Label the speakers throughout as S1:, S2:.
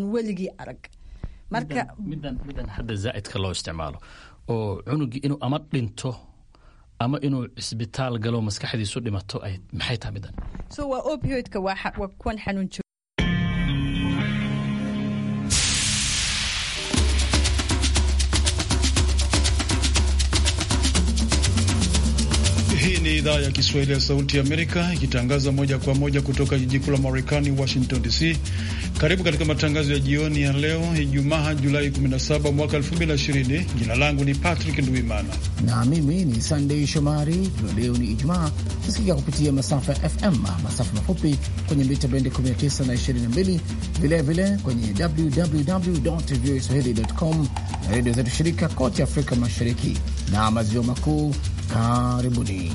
S1: weligii arag marka midan midan
S2: hadda zaa'idka loo isticmaalo oo cunugii inuu ama dhinto ama inuu cisbitaal galo maskaxdiisu dhimato ay maxay tahay midan
S3: so
S1: waa opioidka waa kuwan xanuun
S4: idhaa ya Kiswahili ya Sauti ya Amerika ikitangaza moja kwa moja kutoka jiji kuu la Marekani, Washington DC. Karibu katika matangazo ya jioni ya leo Ijumaa, Julai 17 mwaka 2020. Jina langu ni Patrick Nduimana
S5: na mimi ni Sandei Shomari. Leo ni Ijumaa, tusikika kupitia masafa ya FM, masafa mafupi kwenye mita bendi 19 na 22, vilevile kwenye www voa swahili.com na redio zetu shirika kote Afrika Mashariki na Maziwa Makuu. Karibuni.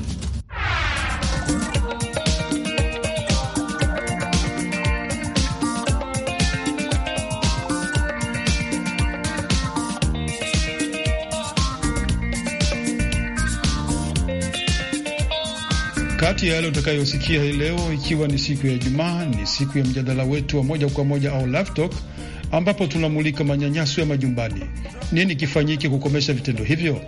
S4: Kati ya yale utakayosikia hii leo, ikiwa ni siku ya Ijumaa, ni siku ya mjadala wetu wa moja kwa moja au live talk, ambapo tunamulika manyanyaso ya majumbani. Nini kifanyike kukomesha vitendo hivyo?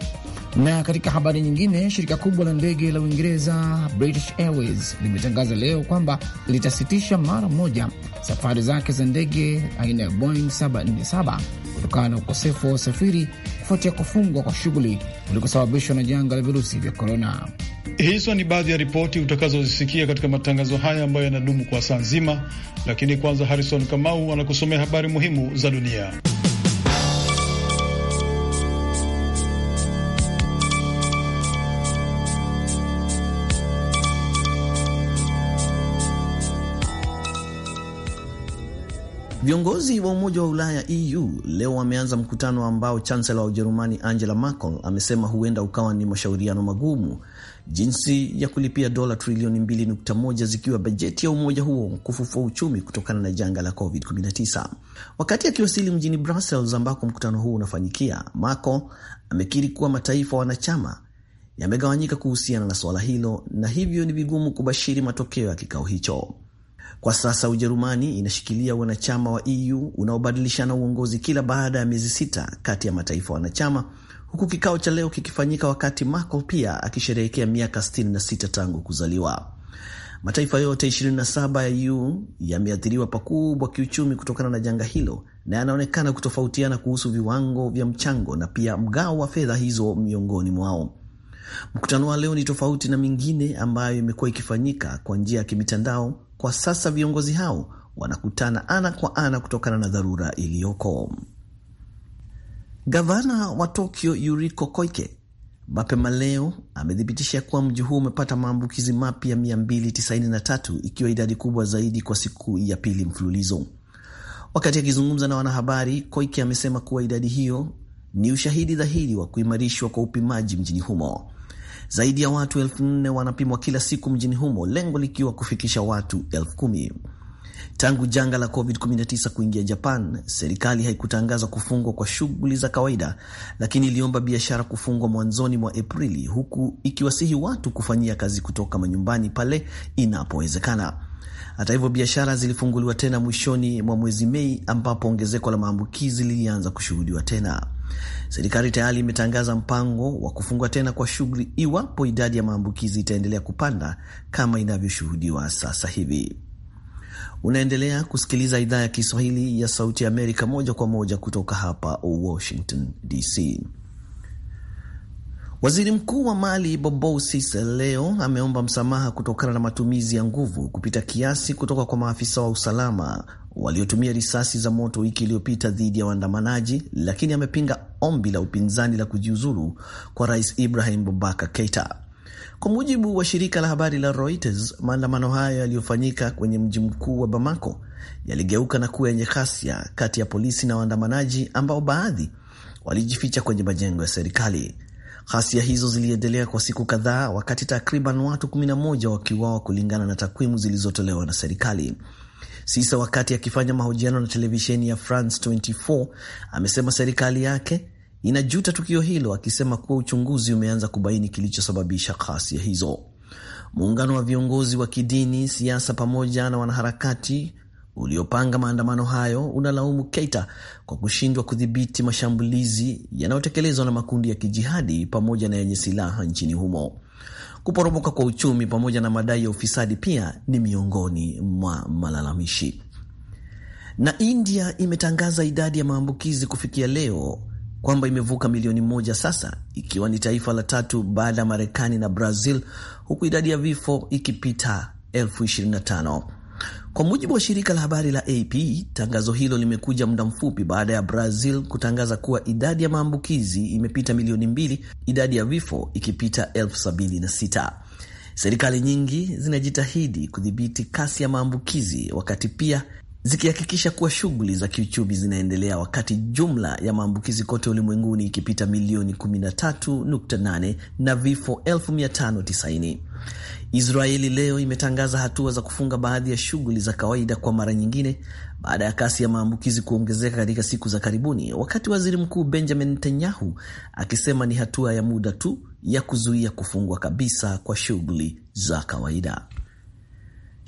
S5: Na katika habari nyingine, shirika kubwa la ndege la Uingereza British Airways limetangaza leo kwamba litasitisha mara moja safari zake za ndege aina ya Boeing 747 kutokana na ukosefu wa usafiri kufuatia kufungwa kwa shughuli
S4: kulikosababishwa na janga la virusi vya korona. Hizo ni baadhi ya ripoti utakazozisikia katika matangazo haya ambayo yanadumu kwa saa nzima, lakini kwanza, Harrison Kamau anakusomea habari muhimu za dunia.
S2: Viongozi wa Umoja wa Ulaya EU leo wameanza mkutano ambao chancela wa Ujerumani Angela Merkel amesema huenda ukawa ni mashauriano magumu jinsi ya kulipia dola trilioni 2.1 zikiwa bajeti ya umoja huo kufufua uchumi kutokana na janga la COVID-19. Wakati akiwasili mjini Brussels ambako mkutano huo unafanyikia, Merkel amekiri kuwa mataifa wanachama yamegawanyika kuhusiana na suala hilo na hivyo ni vigumu kubashiri matokeo ya kikao hicho. Kwa sasa Ujerumani inashikilia wanachama wa EU unaobadilishana uongozi kila baada ya miezi sita kati ya mataifa wanachama, huku kikao cha leo kikifanyika wakati Merkel pia akisherehekea miaka 66 tangu kuzaliwa. Mataifa yote 27 ya EU yameathiriwa pakubwa kiuchumi kutokana na janga hilo na yanaonekana kutofautiana kuhusu viwango vya mchango na pia mgao wa fedha hizo miongoni mwao. Mkutano wa leo ni tofauti na mingine ambayo imekuwa ikifanyika kwa njia ya kimitandao kwa sasa viongozi hao wanakutana ana kwa ana kutokana na dharura iliyoko. Gavana wa Tokyo Yuriko Koike mapema leo amethibitisha kuwa mji huo umepata maambukizi mapya 293 ikiwa idadi kubwa zaidi kwa siku ya pili mfululizo. Wakati akizungumza na wanahabari, Koike amesema kuwa idadi hiyo ni ushahidi dhahiri wa kuimarishwa kwa upimaji mjini humo. Zaidi ya watu elfu nne wanapimwa kila siku mjini humo, lengo likiwa kufikisha watu elfu kumi. Tangu janga la COVID-19 kuingia Japan, serikali haikutangaza kufungwa kwa shughuli za kawaida, lakini iliomba biashara kufungwa mwanzoni mwa Aprili, huku ikiwasihi watu kufanyia kazi kutoka manyumbani pale inapowezekana. Hata hivyo, biashara zilifunguliwa tena mwishoni mwa mwezi Mei, ambapo ongezeko la maambukizi lilianza kushuhudiwa tena. Serikali tayari imetangaza mpango wa kufungwa tena kwa shughuli iwapo idadi ya maambukizi itaendelea kupanda kama inavyoshuhudiwa sasa hivi. Unaendelea kusikiliza idhaa ya Kiswahili ya Sauti ya Amerika moja kwa moja kutoka hapa Washington DC. Waziri Mkuu wa Mali Bobo Cisse leo ameomba msamaha kutokana na matumizi ya nguvu kupita kiasi kutoka kwa maafisa wa usalama waliotumia risasi za moto wiki iliyopita dhidi ya waandamanaji, lakini amepinga ombi la upinzani la kujiuzuru kwa rais Ibrahim Boubacar Keita. Kwa mujibu wa shirika la habari la Reuters, maandamano hayo yaliyofanyika kwenye mji mkuu wa Bamako yaligeuka na kuwa yenye ghasia kati ya polisi na waandamanaji ambao baadhi walijificha kwenye majengo ya serikali. Ghasia hizo ziliendelea kwa siku kadhaa, wakati takriban watu 11 wakiuawa kulingana na takwimu zilizotolewa na serikali. Sisa, wakati akifanya mahojiano na televisheni ya France 24, amesema serikali yake inajuta tukio hilo, akisema kuwa uchunguzi umeanza kubaini kilichosababisha ghasia hizo. Muungano wa viongozi wa kidini, siasa pamoja na wanaharakati uliopanga maandamano hayo unalaumu Keita kwa kushindwa kudhibiti mashambulizi yanayotekelezwa na makundi ya kijihadi pamoja na yenye silaha nchini humo. Kuporomoka kwa uchumi pamoja na madai ya ufisadi pia ni miongoni mwa malalamishi. Na India imetangaza idadi ya maambukizi kufikia leo kwamba imevuka milioni moja sasa, ikiwa ni taifa la tatu baada ya Marekani na Brazil, huku idadi ya vifo ikipita elfu 25. Kwa mujibu wa shirika la habari la AP, tangazo hilo limekuja muda mfupi baada ya Brazil kutangaza kuwa idadi ya maambukizi imepita milioni mbili, idadi ya vifo ikipita elfu sabini na sita. Serikali nyingi zinajitahidi kudhibiti kasi ya maambukizi, wakati pia zikihakikisha kuwa shughuli za kiuchumi zinaendelea wakati jumla ya maambukizi kote ulimwenguni ikipita milioni 13.8 na vifo 590. Israeli leo imetangaza hatua za kufunga baadhi ya shughuli za kawaida kwa mara nyingine baada ya kasi ya maambukizi kuongezeka katika siku za karibuni, wakati waziri mkuu Benjamin Netanyahu akisema ni hatua ya muda tu ya kuzuia kufungwa kabisa kwa shughuli za kawaida.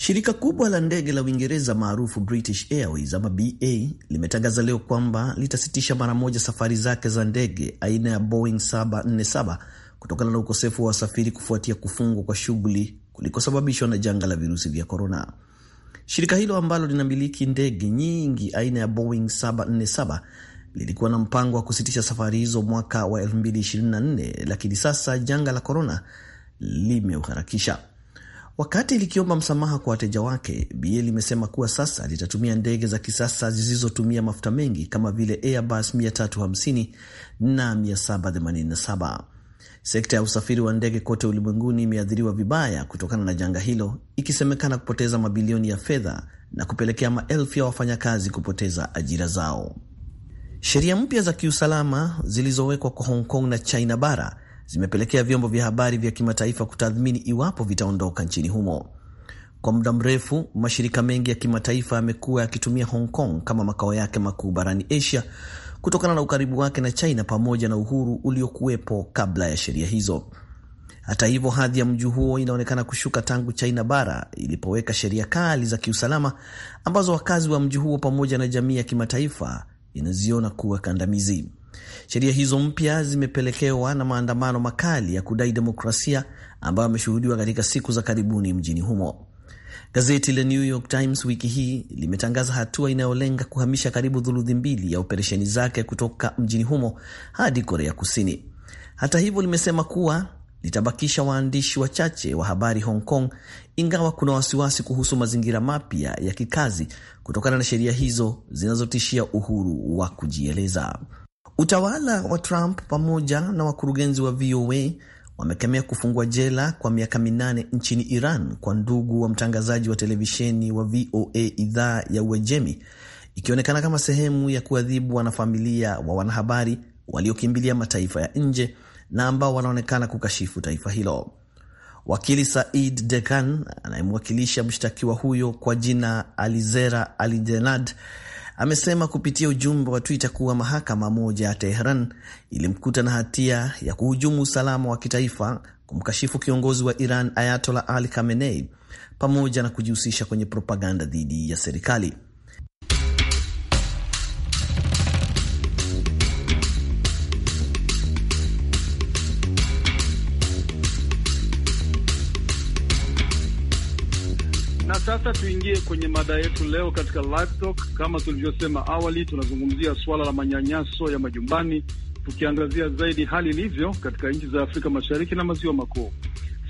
S2: Shirika kubwa la ndege la Uingereza maarufu British Airways ama BA limetangaza leo kwamba litasitisha mara moja safari zake za ndege aina ya Boeing 747 kutokana na ukosefu wa wasafiri kufuatia kufungwa kwa shughuli kulikosababishwa na janga la virusi vya korona. Shirika hilo ambalo linamiliki ndege nyingi aina ya Boeing 747 lilikuwa na mpango wa kusitisha safari hizo mwaka wa 2024 lakini sasa janga la korona limeuharakisha. Wakati likiomba msamaha kwa wateja wake, BA limesema kuwa sasa litatumia ndege za kisasa zisizotumia mafuta mengi kama vile Airbus 350 na 787. Sekta ya usafiri wa ndege kote ulimwenguni imeathiriwa vibaya kutokana na janga hilo, ikisemekana kupoteza mabilioni ya fedha na kupelekea maelfu ya wafanyakazi kupoteza ajira zao. Sheria mpya za kiusalama zilizowekwa kwa Hong Kong na China bara zimepelekea vyombo vya habari vya kimataifa kutathmini iwapo vitaondoka nchini humo. Kwa muda mrefu mashirika mengi ya kimataifa yamekuwa yakitumia Hong Kong kama makao yake makuu barani Asia kutokana na ukaribu wake na China pamoja na uhuru uliokuwepo kabla ya sheria hizo. Hata hivyo, hadhi ya mji huo inaonekana kushuka tangu China bara ilipoweka sheria kali za kiusalama ambazo wakazi wa mji huo pamoja na jamii ya kimataifa inaziona kuwa kandamizi. Sheria hizo mpya zimepelekewa na maandamano makali ya kudai demokrasia ambayo ameshuhudiwa katika siku za karibuni mjini humo. Gazeti la New York Times wiki hii limetangaza hatua inayolenga kuhamisha karibu thuluthi mbili ya operesheni zake kutoka mjini humo hadi Korea Kusini. Hata hivyo, limesema kuwa litabakisha waandishi wachache wa habari Hong Kong, ingawa kuna wasiwasi kuhusu mazingira mapya ya kikazi kutokana na sheria hizo zinazotishia uhuru wa kujieleza. Utawala wa Trump pamoja na wakurugenzi wa VOA wamekemea kufungwa jela kwa miaka minane nchini Iran kwa ndugu wa mtangazaji wa televisheni wa VOA idhaa ya Uajemi, ikionekana kama sehemu ya kuadhibu wanafamilia wa wanahabari waliokimbilia mataifa ya nje na ambao wanaonekana kukashifu taifa hilo. Wakili Said Dekan anayemwakilisha mshtakiwa huyo kwa jina Alizera Alidenad amesema kupitia ujumbe wa Twitter kuwa mahakama moja ya Teheran ilimkuta na hatia ya kuhujumu usalama wa kitaifa, kumkashifu kiongozi wa Iran Ayatola Ali Khamenei, pamoja na kujihusisha kwenye propaganda dhidi ya serikali.
S4: sasa tuingie kwenye mada yetu leo katika live talk. Kama tulivyosema awali, tunazungumzia suala la manyanyaso ya majumbani, tukiangazia zaidi hali ilivyo katika nchi za Afrika Mashariki na Maziwa Makuu.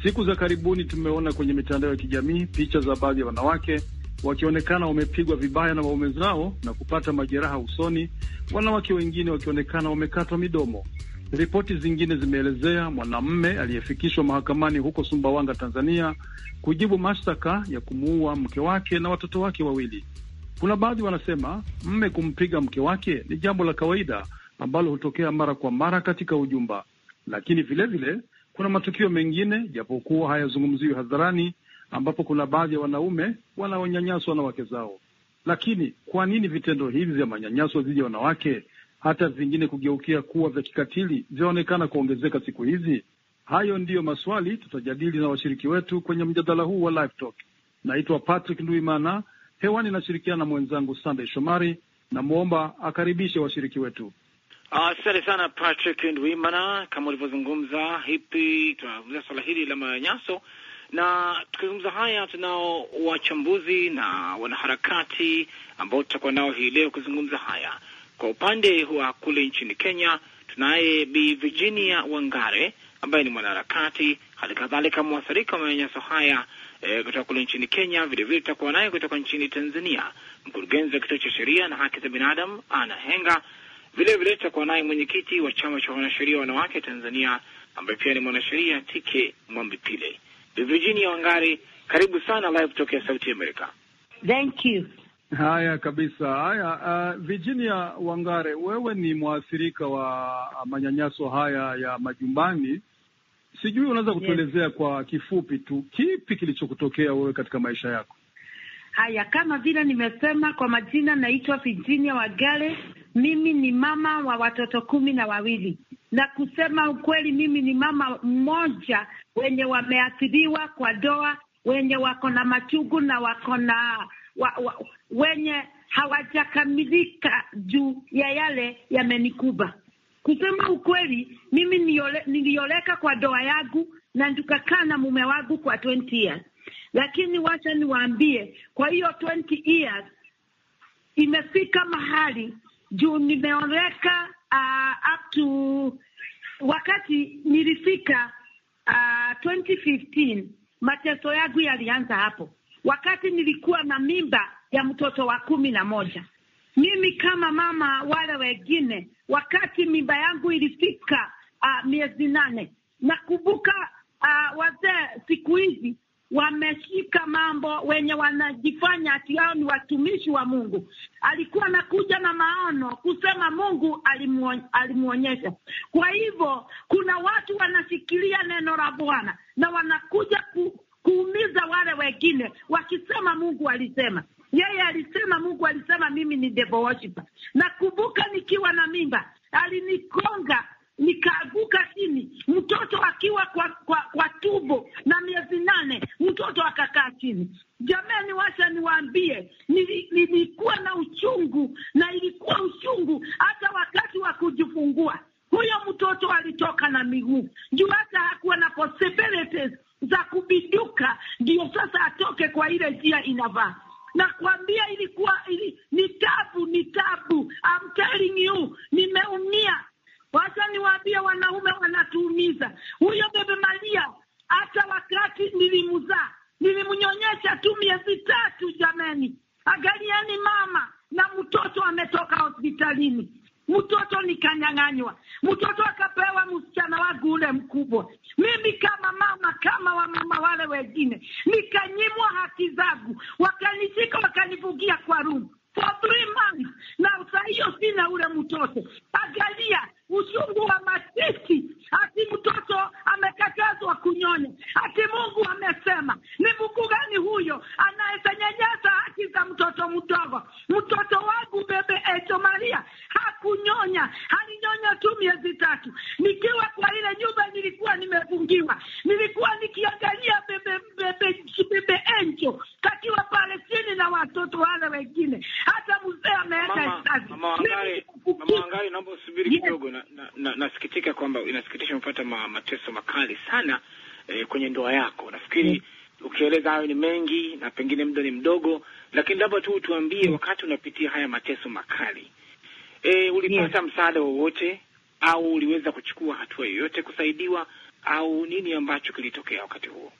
S4: Siku za karibuni tumeona kwenye mitandao ya kijamii picha za baadhi ya wanawake wakionekana wamepigwa vibaya na waume zao na kupata majeraha usoni, wanawake wengine wakionekana wamekatwa midomo. Ripoti zingine zimeelezea mwanamme aliyefikishwa mahakamani huko Sumbawanga, Tanzania, kujibu mashtaka ya kumuua mke wake na watoto wake wawili. Kuna baadhi wanasema mme kumpiga mke wake ni jambo la kawaida ambalo hutokea mara kwa mara katika ujumba, lakini vilevile vile, kuna matukio mengine japokuwa hayazungumziwi hadharani, ambapo kuna baadhi ya wanaume wanaonyanyaswa na wake zao. Lakini kwa nini vitendo hivi vya manyanyaso dhidi ya wanawake hata vingine kugeukia kuwa vya kikatili vyaonekana kuongezeka siku hizi? Hayo ndiyo maswali tutajadili na washiriki wetu kwenye mjadala huu wa Live Talk. Naitwa Patrick Nduimana, hewani nashirikiana na mwenzangu Sandey Shomari. Namwomba akaribishe washiriki wetu.
S5: Asante uh, sana Patrick Ndwimana. Kama ulivyozungumza hipi, tunazungumzia swala hili la manyanyaso, na tukizungumza haya, tunao wachambuzi na wanaharakati ambao tutakuwa nao hii leo kuzungumza haya. Kwa upande wa kule nchini Kenya tunaye Bi Virginia Wangare ambaye ni mwanaharakati hali kadhalika mwathirika wa manyanyaso haya e, kutoka kule nchini Kenya. Vilevile tutakuwa naye kutoka nchini Tanzania mkurugenzi wa kituo cha sheria na haki za binadamu Ana Henga. Vilevile tutakuwa naye mwenyekiti wa chama cha wanasheria wanawake Tanzania ambaye pia ni mwanasheria Tike Mwambipile. Virginia Wangari, karibu sana live tokea Sauti Amerika.
S4: Thank you. Haya kabisa. Haya, uh, Virginia Wangare, wewe ni mwathirika wa uh, manyanyaso haya ya majumbani, sijui unaweza kutuelezea yes, kwa kifupi tu kipi kilichokutokea wewe katika maisha yako?
S1: Haya, kama vile nimesema, kwa majina naitwa Virginia Wangare. Mimi ni mama wa watoto kumi na wawili, na kusema ukweli, mimi ni mama mmoja wenye wameathiriwa kwa doa, wenye wako na machungu na wako na wa, wa, wenye hawajakamilika juu ya yale yamenikuba. Kusema ukweli, mimi nilioleka kwa doa yangu na tukakaa na mume wangu kwa 20 years, lakini wacha niwaambie, kwa hiyo 20 years imefika mahali juu nimeoleka uh, up to wakati nilifika uh, 2015 mateso yangu yalianza hapo wakati nilikuwa na mimba ya mtoto wa kumi na moja. Mimi kama mama wale wengine, wakati mimba yangu ilifika uh, miezi nane, nakumbuka uh, wazee siku hizi wameshika mambo wenye wanajifanya ati hao ni watumishi wa Mungu. Alikuwa anakuja na maono kusema Mungu alimwonyesha Kwa hivyo kuna watu wanashikilia neno la Bwana na wanakuja ku, kuumiza wale wengine, wakisema Mungu alisema yeye alisema, Mungu alisema. Mimi ni devil worshiper. Nakumbuka nikiwa na mimba alinikonga nikaaguka chini, mtoto akiwa kwa, kwa, kwa tubo na miezi nane, mtoto akakaa chini. Jamani, washa niwaambie, nilikuwa na uchungu na ilikuwa uchungu hata wakati wa kujifungua. Huyo mtoto alitoka na miguu juu, hata hakuwa na possibilities za kubiduka, ndiyo sasa atoke kwa ile njia inavaa. Nakwambia ilikuwa ili, ni tabu, ni tabu. I'm telling you, nimeumia. Wacha niwaambie, wanaume wanatuumiza. Huyo bebe Maria, hata wakati nilimzaa nilimnyonyesha tu miezi tatu, jamani, agalieni mama na mtoto ametoka hospitalini, mtoto nikanyang'anywa, mtoto akapewa msichana wangu ule mkubwa mimi kama mama kama wamama wale wengine, nikanyimwa haki zangu, wakanishika wakanivugia kwa rumu for three months, na saa hiyo sina ule mtoto
S5: ulipata msaada wowote au uliweza kuchukua hatua yoyote kusaidiwa au nini ambacho kilitokea wakati huo?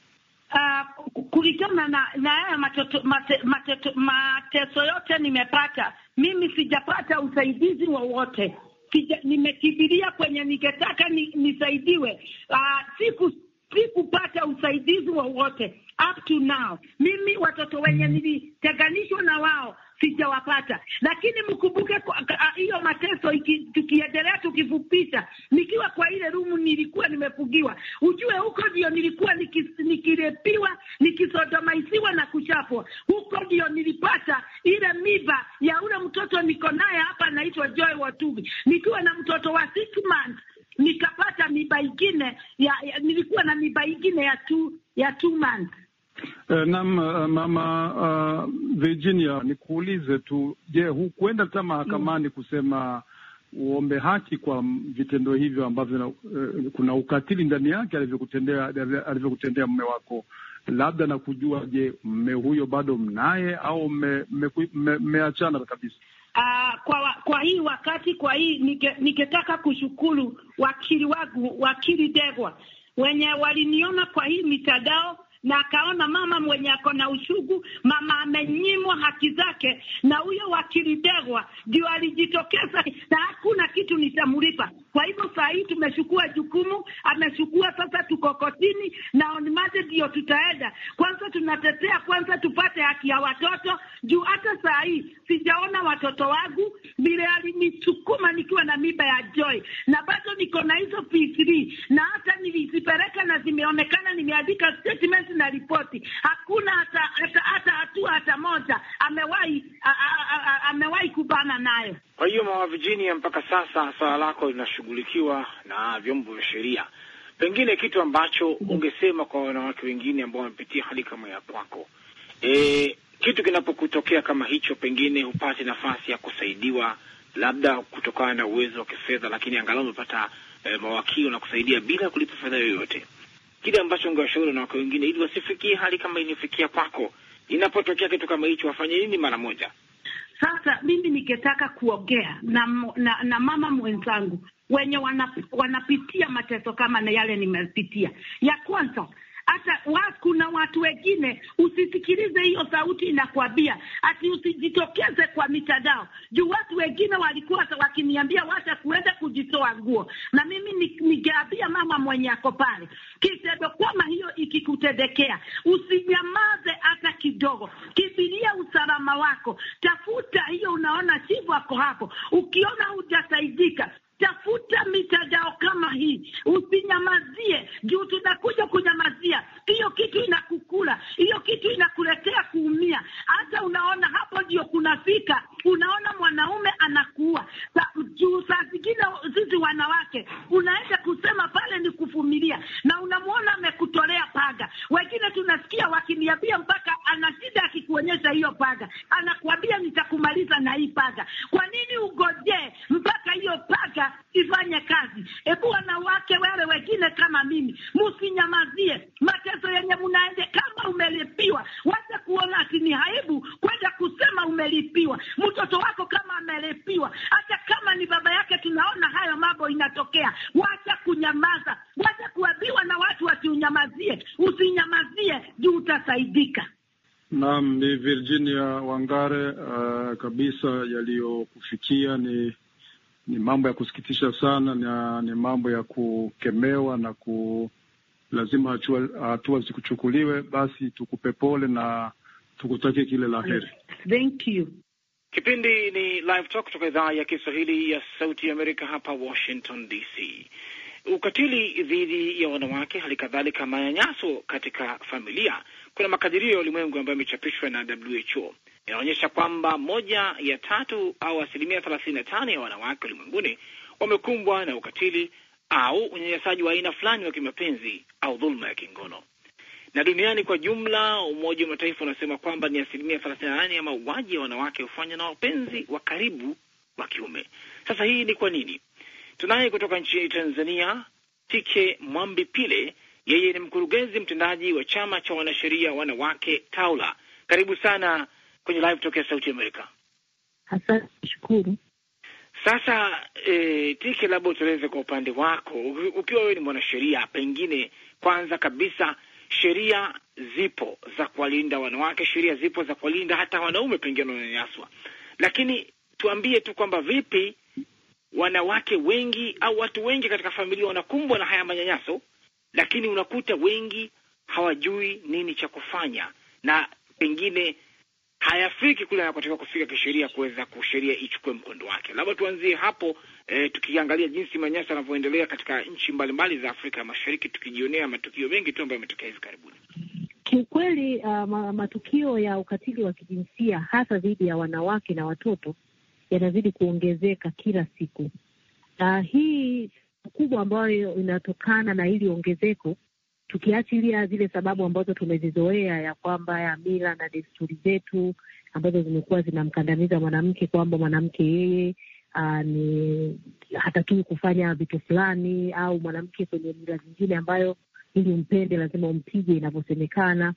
S1: Uh, ah, kulingana na na matoto, mate, mateso yote nimepata mimi, sijapata usaidizi wowote, nimekibiria kwenye ningetaka ni, nisaidiwe. Uh, siku sikupata usaidizi wowote up to now. Mimi watoto wenye mm. nilitenganishwa na wao sijawapata, lakini mkumbuke ah, hiyo mateso tukiendelea tukivupisha, nikiwa kwa ile rumu nilikuwa nimefungiwa, ujue huko ndio nilikuwa nikirepiwa nikisodomaisiwa na kuchapwa, huko ndio nilipata ile miba ya ule mtoto niko naye hapa, anaitwa Joy Watugi, nikiwa na mtoto wa six months nikapata miba ingine ya, ya, nilikuwa na miba ingine ya two, ya two months
S4: E, eh, nam eh, mama uh, Virginia, nikuulize tu, je, hukuenda hata mahakamani mm. kusema uombe haki kwa vitendo hivyo ambavyo uh, kuna ukatili ndani yake alivyokutendea alivyokutendea mme wako, labda na kujua, je, mme huyo bado mnaye au mmeachana me, kabisa? Uh, kwa, kwa
S1: hii wakati kwa hii nike, niketaka kushukuru wakili wangu wakili Degwa wenye waliniona kwa hii mitandao na akaona mama mwenye ako na ushugu, mama amenyimwa haki zake, na huyo wakili Ndegwa ndio alijitokeza na hakuna kitu nitamlipa. Kwa hivyo saa hii tumechukua jukumu, amechukua sasa, tuko kotini na onimaje, ndio tutaenda. Kwanza tunatetea kwanza tupate haki ya watoto, juu hata saa hii sijaona watoto wangu vile alinisukuma nikiwa na miba ya Joy, na bado niko na hizo P3 na hata nilizipeleka na zimeonekana, nimeandika statement ripoti na ripoti, hakuna hata hata hata hatua hata moja amewahi amewahi kubana nayo.
S5: Kwa hiyo Mama Virginia, mpaka sasa swala lako linashughulikiwa na vyombo vya sheria, pengine kitu ambacho mm. ungesema kwa wanawake wengine ambao wamepitia hali kama ya kwako, e, kitu kinapokutokea kama hicho, pengine hupate nafasi ya kusaidiwa labda kutokana na uwezo wa kifedha, lakini angalau umepata e, mawakili na kusaidia bila kulipa fedha yoyote kile ambacho ungewashauri wanawake wengine ili wasifikie hali kama iliyofikia kwako, inapotokea kitu kama hicho wafanye nini mara moja?
S1: Sasa mimi ningetaka kuongea na, na, na mama mwenzangu wenye wanap, wanapitia mateso kama na yale nimepitia. Ya kwanza hata wa, kuna watu wengine usisikilize hiyo sauti inakwambia ati usijitokeze kwa mitandao, juu watu wengine walikuwa wakiniambia wacha kuenda kujitoa nguo, na mimi ni mama mwenye ako pale, kitendo kama hiyo ikikutendekea, usinyamaze hata kidogo, kimbilia usalama wako, tafuta hiyo. Unaona chivu ako hapo, ukiona hujasaidika Tafuta mitandao kama hii, usinyamazie juu tunakuja kunyamazia. Hiyo kitu inakukula, hiyo kitu inakuletea kuumia. Hata unaona hapo ndio kunafika, unaona mwanaume anakuua. Juu saa zingine sisi wanawake unaenda kusema pale ni kuvumilia, na unamwona amekutolea paga. Wengine tunasikia wakiniambia mpaka ana shida, akikuonyesha hiyo paga anakuambia nitakumaliza na hii paga. Kwa nini ugojee mpaka hiyo paga ifanye kazi. Hebu wanawake wale wengine kama mimi, msinyamazie mateso yenye mnaende. Kama umelipiwa, wacha kuona ati ni haibu kwenda kusema umelipiwa. Mtoto wako kama amelipiwa, hata kama ni baba yake, tunaona hayo mambo inatokea. Wacha kunyamaza, wacha kuambiwa na watu wasiunyamazie. Usinyamazie juu utasaidika.
S4: Naam, ni Virginia Wangare. Uh, kabisa yaliyokufikia ni ni mambo ya kusikitisha sana na ni mambo ya kukemewa na ku lazima hatua zikuchukuliwe. Basi tukupe pole na tukutakie kile la heri. Thank you.
S5: Kipindi ni Live Talk kutoka idhaa ya Kiswahili ya Sauti ya Amerika hapa Washington DC. Ukatili dhidi ya wanawake, hali kadhalika manyanyaso katika familia, kuna makadirio ya ulimwengu ambayo yamechapishwa na WHO inaonyesha kwamba moja ya tatu au asilimia thelathini na tano ya wanawake ulimwenguni wamekumbwa na ukatili au unyanyasaji wa aina fulani wa kimapenzi au dhuluma ya kingono. Na duniani kwa jumla, Umoja wa Mataifa unasema kwamba ni asilimia thelathini na nane ya mauaji ya wanawake hufanywa na wapenzi wa karibu wa kiume. Sasa hii ni kwa nini? Tunaye kutoka nchini Tanzania Tike Mwambi Pile, yeye ni mkurugenzi mtendaji wa chama cha wanasheria wanawake Taula. Karibu sana kwenye live talk ya Sauti Amerika.
S6: Asante, shukuru.
S5: Sasa e, eh, Tike, labda utueleze kwa upande wako, ukiwa wewe ni mwanasheria, pengine kwanza kabisa sheria zipo za kuwalinda wanawake, sheria zipo za kuwalinda hata wanaume pengine wananyanyaswa, lakini tuambie tu kwamba vipi wanawake wengi au watu wengi katika familia wanakumbwa na haya manyanyaso, lakini unakuta wengi hawajui nini cha kufanya, na pengine hayafiki kule anapotakiwa kufika kisheria kuweza kusheria ichukue mkondo wake. Labda tuanzie hapo e, tukiangalia jinsi manyasa yanavyoendelea katika nchi mbalimbali za Afrika ya Mashariki, tukijionea matukio mengi tu ambayo yametokea hivi karibuni.
S7: Kiukweli uh, matukio ya ukatili wa kijinsia hasa dhidi ya wanawake na watoto yanazidi kuongezeka kila siku. Uh, hii kubwa ambayo inatokana na hili ongezeko tukiachilia zile sababu ambazo tumezizoea ya kwamba ya mila na desturi zetu ambazo zimekuwa zinamkandamiza mwanamke kwamba mwanamke yeye Uh, ni hatakiwi kufanya vitu fulani au mwanamke kwenye mila zingine ambayo ili umpende lazima umpige inavyosemekana.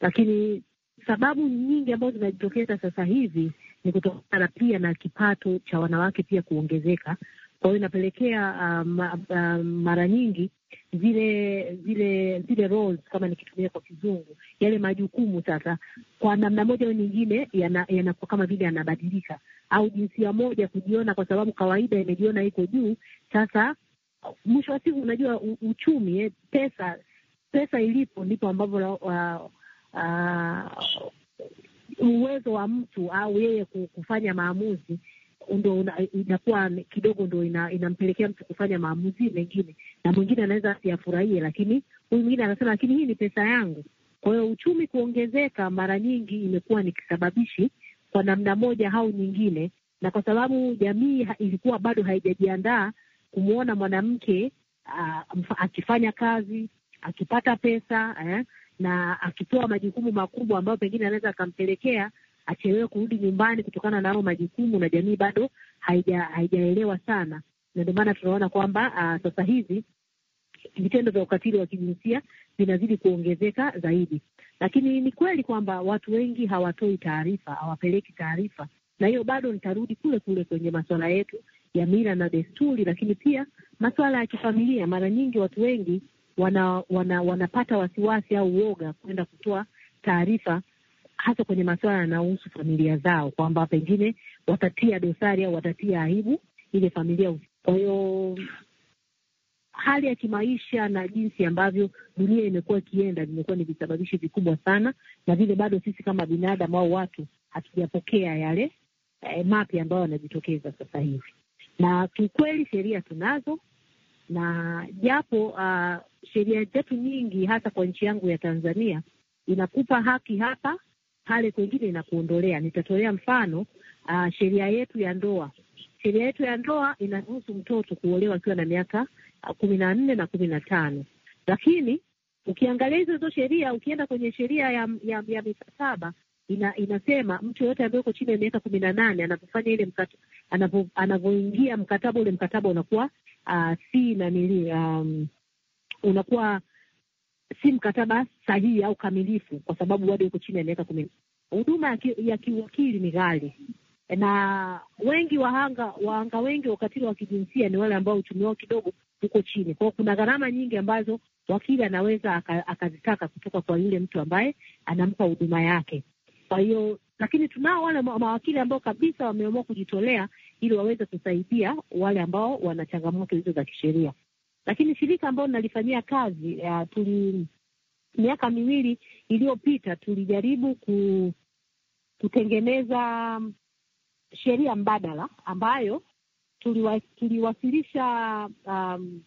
S7: Lakini sababu nyingi ambazo zinajitokeza sasa hivi ni kutokana pia na kipato cha wanawake pia kuongezeka, kwa hiyo inapelekea uh, ma, uh, mara nyingi zile zile zile roles kama nikitumia kwa Kizungu, yale majukumu sasa, kwa namna moja au nyingine, yanakuwa yana kama vile yanabadilika, au jinsia moja kujiona, kwa sababu kawaida imejiona iko juu. Sasa mwisho wa siku, unajua uchumi eh, pesa pesa ilipo ndipo ambavyo uh, uh, uwezo wa mtu au yeye kufanya maamuzi ndo inakuwa kidogo ndo ina, inampelekea mtu kufanya maamuzi mengine, na mwingine anaweza asiyafurahie, lakini huyu mwingine anasema, lakini hii ni pesa yangu. Kwa hiyo uchumi kuongezeka mara nyingi imekuwa ni kisababishi kwa namna moja au nyingine, na kwa sababu jamii ilikuwa bado haijajiandaa kumwona mwanamke akifanya kazi akipata pesa eh, na akitoa majukumu makubwa ambayo pengine anaweza akampelekea achelewe kurudi nyumbani kutokana na hayo majukumu, na jamii bado haija haijaelewa sana, na ndio maana tunaona kwamba uh, sasa hivi vitendo vya ukatili wa kijinsia vinazidi kuongezeka zaidi. Lakini ni kweli kwamba watu wengi hawatoi taarifa, hawapeleki taarifa, na hiyo bado nitarudi kule kule kwenye masuala yetu ya mila na desturi, lakini pia masuala ya kifamilia. Mara nyingi watu wengi wana, wana, wanapata wasiwasi au uoga kwenda kutoa taarifa hasa kwenye masuala yanayohusu familia zao, kwamba pengine watatia dosari au watatia aibu ile familia. Kwa hiyo hali ya kimaisha na jinsi ambavyo dunia imekuwa ikienda vimekuwa ni visababishi vikubwa sana, na vile bado sisi kama binadamu au watu hatujapokea yale eh, mapya ambayo yanajitokeza sasa hivi. Na kiukweli sheria tunazo, na japo uh, sheria zetu nyingi hasa kwa nchi yangu ya Tanzania inakupa haki hapa pale kwengine inakuondolea. Nitatolea mfano uh, sheria yetu ya ndoa. Sheria yetu ya ndoa inaruhusu mtoto kuolewa akiwa na miaka ah, kumi na nne na kumi na tano lakini ukiangalia hizo hizo sheria, ukienda kwenye sheria ya, ya, ya mikataba ina, inasema mtu yoyote ambaye uko chini ya miaka kumi na nane anavyofanya ile anavyoingia mkataba, ule mkataba unakuwa uh, si nanili um, unakuwa si mkataba sahihi au kamilifu, kwa sababu bado yuko chini ya miaka kumi. Huduma ya kiwakili ni ghali, na wengi wahanga wahanga wengi wa ukatili wa kijinsia ni wale ambao uchumi wao kidogo uko chini. kwao. kuna gharama nyingi ambazo wakili anaweza akazitaka kutoka kwa yule mtu ambaye anampa huduma yake. Kwa hiyo lakini tunao wale mawakili ambao kabisa wameamua kujitolea ili waweze kusaidia wale ambao wana changamoto hizo za kisheria. Lakini shirika ambalo nalifanyia kazi uh, tuli miaka miwili iliyopita tulijaribu ku, kutengeneza sheria mbadala ambayo tuliwa, tuliwasilisha um,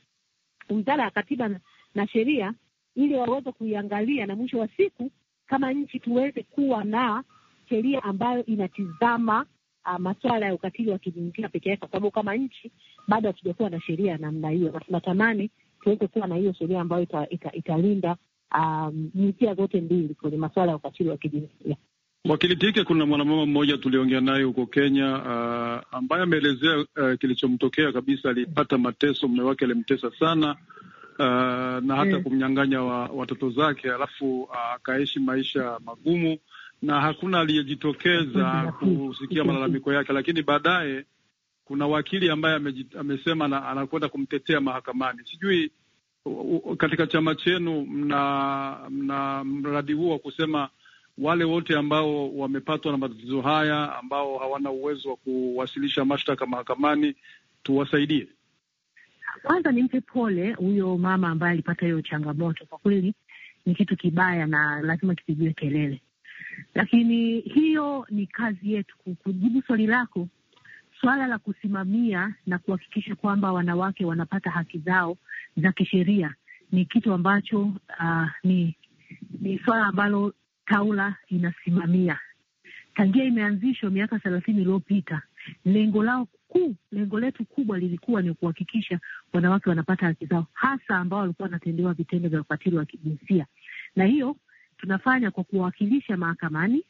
S7: Wizara ya Katiba na, na Sheria ili waweze kuiangalia na mwisho wa siku kama nchi tuweze kuwa na sheria ambayo inatizama uh, masuala ya ukatili wa kijinsia peke yake, kwa sababu kama nchi bado hatujakuwa na sheria ya namna hiyo, na tunatamani tuweze kuwa na hiyo sheria ambayo ita, ita, italinda jinsia um, zote mbili kwenye masuala ya ukatili wa kijinsia.
S4: Mwakili Tike, kuna mwanamama mmoja tuliongea naye huko Kenya uh, ambaye ameelezea uh, kilichomtokea kabisa. Alipata mateso, mume wake alimtesa sana uh, na hata mm. kumnyang'anya wa, watoto zake, alafu uh, akaishi uh, maisha magumu na hakuna aliyejitokeza kusikia malalamiko yake, lakini baadaye kuna wakili ambaye amesema anakwenda kumtetea mahakamani. Sijui katika chama chenu mna, mna mradi huo wa kusema wale wote ambao wamepatwa na matatizo haya ambao hawana uwezo wa kuwasilisha mashtaka mahakamani tuwasaidie?
S7: Kwanza nimpe pole huyo mama ambaye alipata hiyo changamoto, kwa kweli ni kitu kibaya na lazima kipigiwe kelele, lakini hiyo ni kazi yetu. Kujibu swali lako Swala la kusimamia na kuhakikisha kwamba wanawake wanapata haki zao za kisheria ni kitu ambacho uh, ni, ni swala ambalo taula inasimamia tangia imeanzishwa miaka thelathini iliyopita. Lengo lao kuu, lengo letu kubwa lilikuwa ni kuhakikisha wanawake wanapata haki zao, hasa ambao walikuwa wanatendewa vitendo vya ukatili wa kijinsia, na hiyo tunafanya kwa kuwawakilisha mahakamani,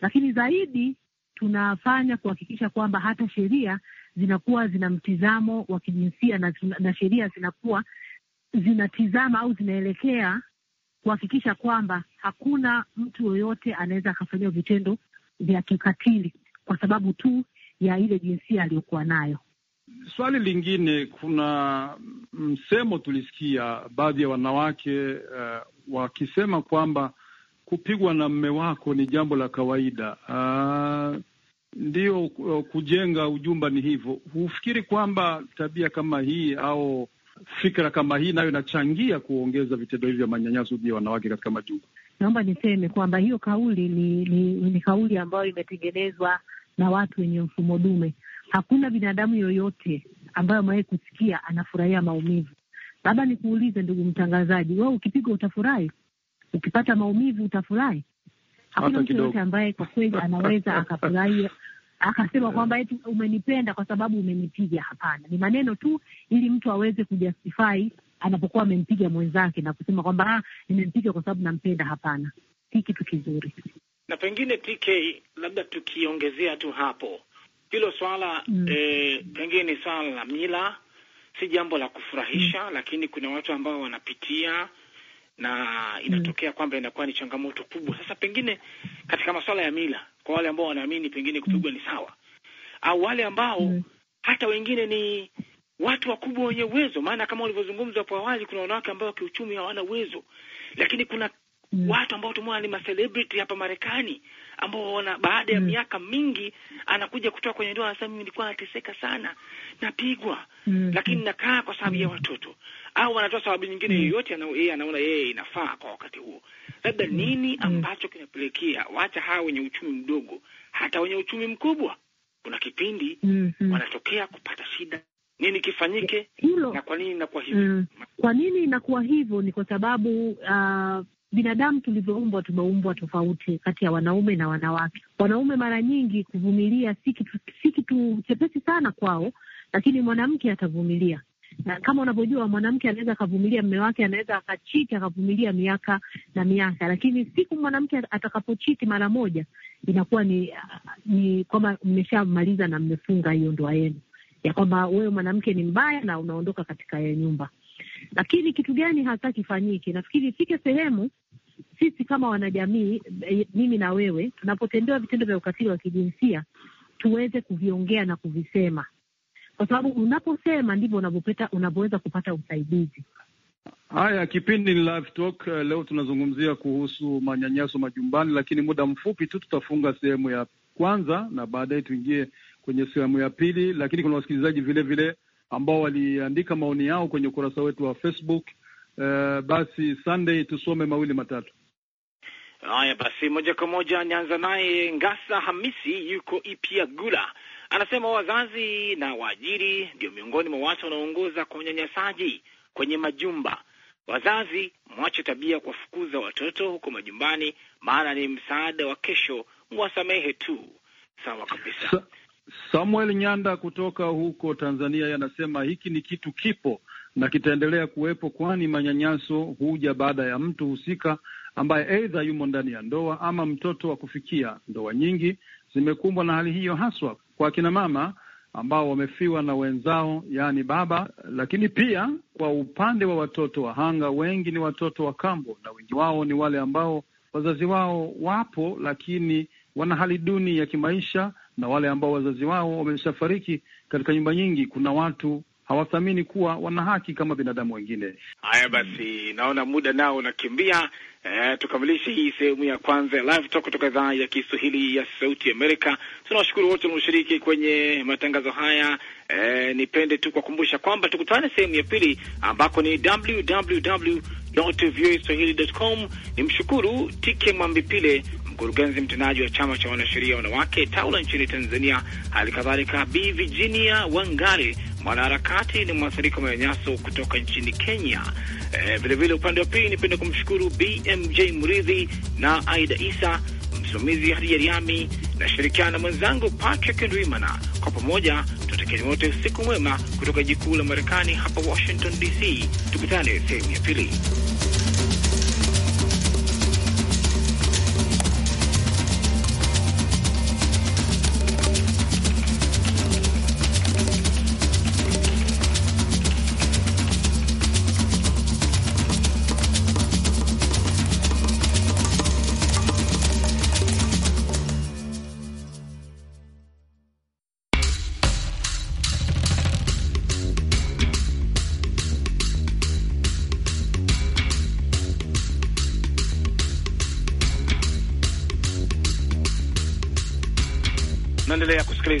S7: lakini zaidi tunafanya kuhakikisha kwamba hata sheria zinakuwa zina mtizamo wa kijinsia na, na sheria zinakuwa zinatizama au zinaelekea kuhakikisha kwamba hakuna mtu yoyote anaweza akafanyiwa vitendo vya kikatili kwa sababu tu ya ile jinsia aliyokuwa nayo.
S4: Swali lingine, kuna msemo tulisikia baadhi ya wanawake uh, wakisema kwamba kupigwa na mme wako ni jambo la kawaida. Uh, ndio uh, kujenga ujumba ni hivyo. Hufikiri kwamba tabia kama hii au fikra kama hii nayo inachangia kuongeza vitendo hivi vya manyanyaso dhidi ya wanawake katika majumba?
S7: Naomba niseme kwamba hiyo kauli ni, ni, ni kauli ambayo imetengenezwa na watu wenye mfumo dume. Hakuna binadamu yoyote ambayo amewahi kusikia anafurahia maumivu. Labda nikuulize ndugu mtangazaji, wewe ukipigwa utafurahi? Ukipata maumivu utafurahi?
S5: hakuna mtu yoyote
S7: ambaye kwa kweli anaweza akafurahia akasema kwamba eti umenipenda kwa sababu umenipiga. Hapana, ni maneno tu ili mtu aweze kujustify anapokuwa amempiga mwenzake na kusema kwamba ah, nimempiga kwa sababu nampenda. Hapana, si kitu kizuri.
S5: Na pengine TK, labda tukiongezea tu hapo hilo swala mm. E, pengine ni swala la mila, si jambo la kufurahisha mm. Lakini kuna watu ambao wanapitia na inatokea mm. kwamba inakuwa ni changamoto kubwa. Sasa pengine katika masuala ya mila, kwa wale ambao wanaamini pengine kupigwa ni sawa, au wale ambao mm. hata wengine ni watu wakubwa wenye uwezo, maana kama ulivyozungumza hapo awali, kuna wanawake ambao kiuchumi hawana uwezo, lakini kuna Mm. Watu ambao tumeona ni macelebrity hapa Marekani ambao wana baada ya mm. miaka mingi anakuja kutoka kwenye ndoa, anasema mimi nilikuwa nateseka sana, napigwa mm. lakini nakaa kwa sababu ya mm. watoto au anatoa sababu nyingine mm. yoyote yeye anaona yeye inafaa kwa wakati huo. Labda mm. nini mm. ambacho kinapelekea wacha hawa wenye uchumi mdogo, hata wenye uchumi mkubwa, kuna kipindi mm-hmm. wanatokea kupata shida. Nini kifanyike hilo, na kwa nini inakuwa hivyo?
S7: Kwa nini inakuwa hivyo? Ni kwa sababu uh, binadamu tulivyoumbwa, tumeumbwa tofauti kati ya wanaume na wanawake. Wanaume mara nyingi kuvumilia si kitu si kitu chepesi sana kwao, lakini mwanamke atavumilia na kama unavyojua mwanamke anaweza akavumilia mme wake, anaweza akachiti akavumilia miaka na miaka, lakini siku mwanamke atakapochiti mara moja inakuwa ni, ni kwamba mmeshamaliza na mmefunga hiyo ndoa yenu, ya kwamba wewe mwanamke ni mbaya na unaondoka katika hiyo nyumba. Lakini kitu gani hasa kifanyike? Nafikiri ifike sehemu sisi kama wanajamii, eh, mimi na wewe, tunapotendewa vitendo vya ukatili wa kijinsia tuweze kuviongea na kuvisema kwa sababu unaposema ndivyo unavyopata unavyoweza kupata usaidizi.
S4: Haya, kipindi ni Live Talk. Eh, leo tunazungumzia kuhusu manyanyaso majumbani, lakini muda mfupi tu tutafunga sehemu ya kwanza na baadaye tuingie kwenye sehemu ya pili. Lakini kuna wasikilizaji vilevile ambao waliandika maoni yao kwenye ukurasa wetu wa Facebook. Uh, basi Sunday, tusome mawili matatu.
S5: Haya basi, moja kwa moja nianza naye Ngasa Hamisi, yuko Ipia Gula Anasema wazazi na waajiri ndio miongoni mwa watu wanaoongoza kwa unyanyasaji kwenye majumba. Wazazi, mwache tabia kuwafukuza watoto huko majumbani, maana ni msaada wa kesho, mwasamehe tu.
S4: Sawa kabisa. Sa Samuel Nyanda kutoka huko Tanzania anasema hiki ni kitu kipo na kitaendelea kuwepo, kwani manyanyaso huja baada ya mtu husika ambaye aidha yumo ndani ya ndoa ama mtoto wa kufikia. Ndoa nyingi zimekumbwa na hali hiyo haswa kwa akina mama ambao wamefiwa na wenzao, yaani baba. Lakini pia kwa upande wa watoto wahanga, wengi ni watoto wa kambo, na wengi wao ni wale ambao wazazi wao wapo, lakini wana hali duni ya kimaisha, na wale ambao wazazi wao wameshafariki. Katika nyumba nyingi kuna watu hawathamini kuwa wana haki kama binadamu wengine.
S5: Haya basi, naona muda nao unakimbia eh, tukamilishe hii sehemu ya kwanza ya live talk kutoka idhaa ya Kiswahili ya Sauti Amerika. Tunawashukuru wote walioshiriki kwenye matangazo haya. Eh, nipende tu kuwakumbusha kwamba tukutane sehemu ya pili ambako ni www.voaswahili.com. Nimshukuru Tike Mwambipile mkurugenzi mtendaji wa chama cha wanasheria wanawake TAWLA nchini Tanzania, hali kadhalika Bi Virginia Wangari, mwanaharakati na mwathirika wa manyanyaso kutoka nchini Kenya, Vilevile eh, upande wa pili, nipende kumshukuru BMJ Mridhi na Aida Isa, msimamizi hadi Riami na shirikiana na mwenzangu Patrick Ndwimana. Kwa pamoja tunatakieni wote usiku mwema kutoka jikuu la Marekani hapa Washington DC. Tukutane sehemu ya pili.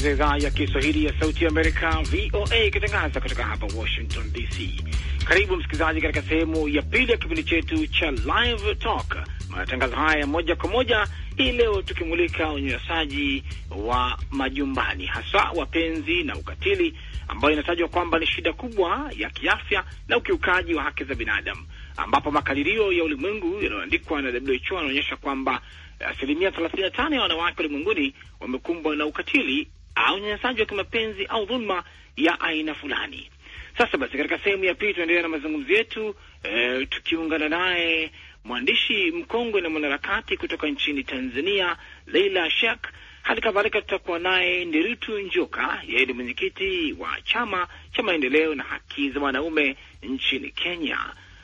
S5: E kusikiliza idhaa ya Kiswahili ya Sauti ya Amerika, VOA, ikitangaza kutoka hapa Washington DC. Karibu msikilizaji, katika sehemu ya pili ya kipindi chetu cha Live Talk, matangazo haya moja kwa moja. Hii leo tukimulika unyanyasaji wa majumbani, hasa wapenzi na ukatili, ambayo inatajwa kwamba ni shida kubwa ya kiafya na ukiukaji wa haki za binadamu, ambapo makadirio ya ulimwengu yanayoandikwa na WHO yanaonyesha kwamba asilimia 35 ya wanawake ulimwenguni wamekumbwa na ukatili au unyanyasaji wa kimapenzi au dhulma ya aina fulani. Sasa basi, katika sehemu ya pili tunaendelea na mazungumzo yetu e, tukiungana naye mwandishi mkongwe na mwanaharakati kutoka nchini Tanzania Leila Shek. Hali kadhalika tutakuwa naye Nderitu Njoka, yeye ni mwenyekiti wa chama cha maendeleo na haki za wanaume nchini Kenya.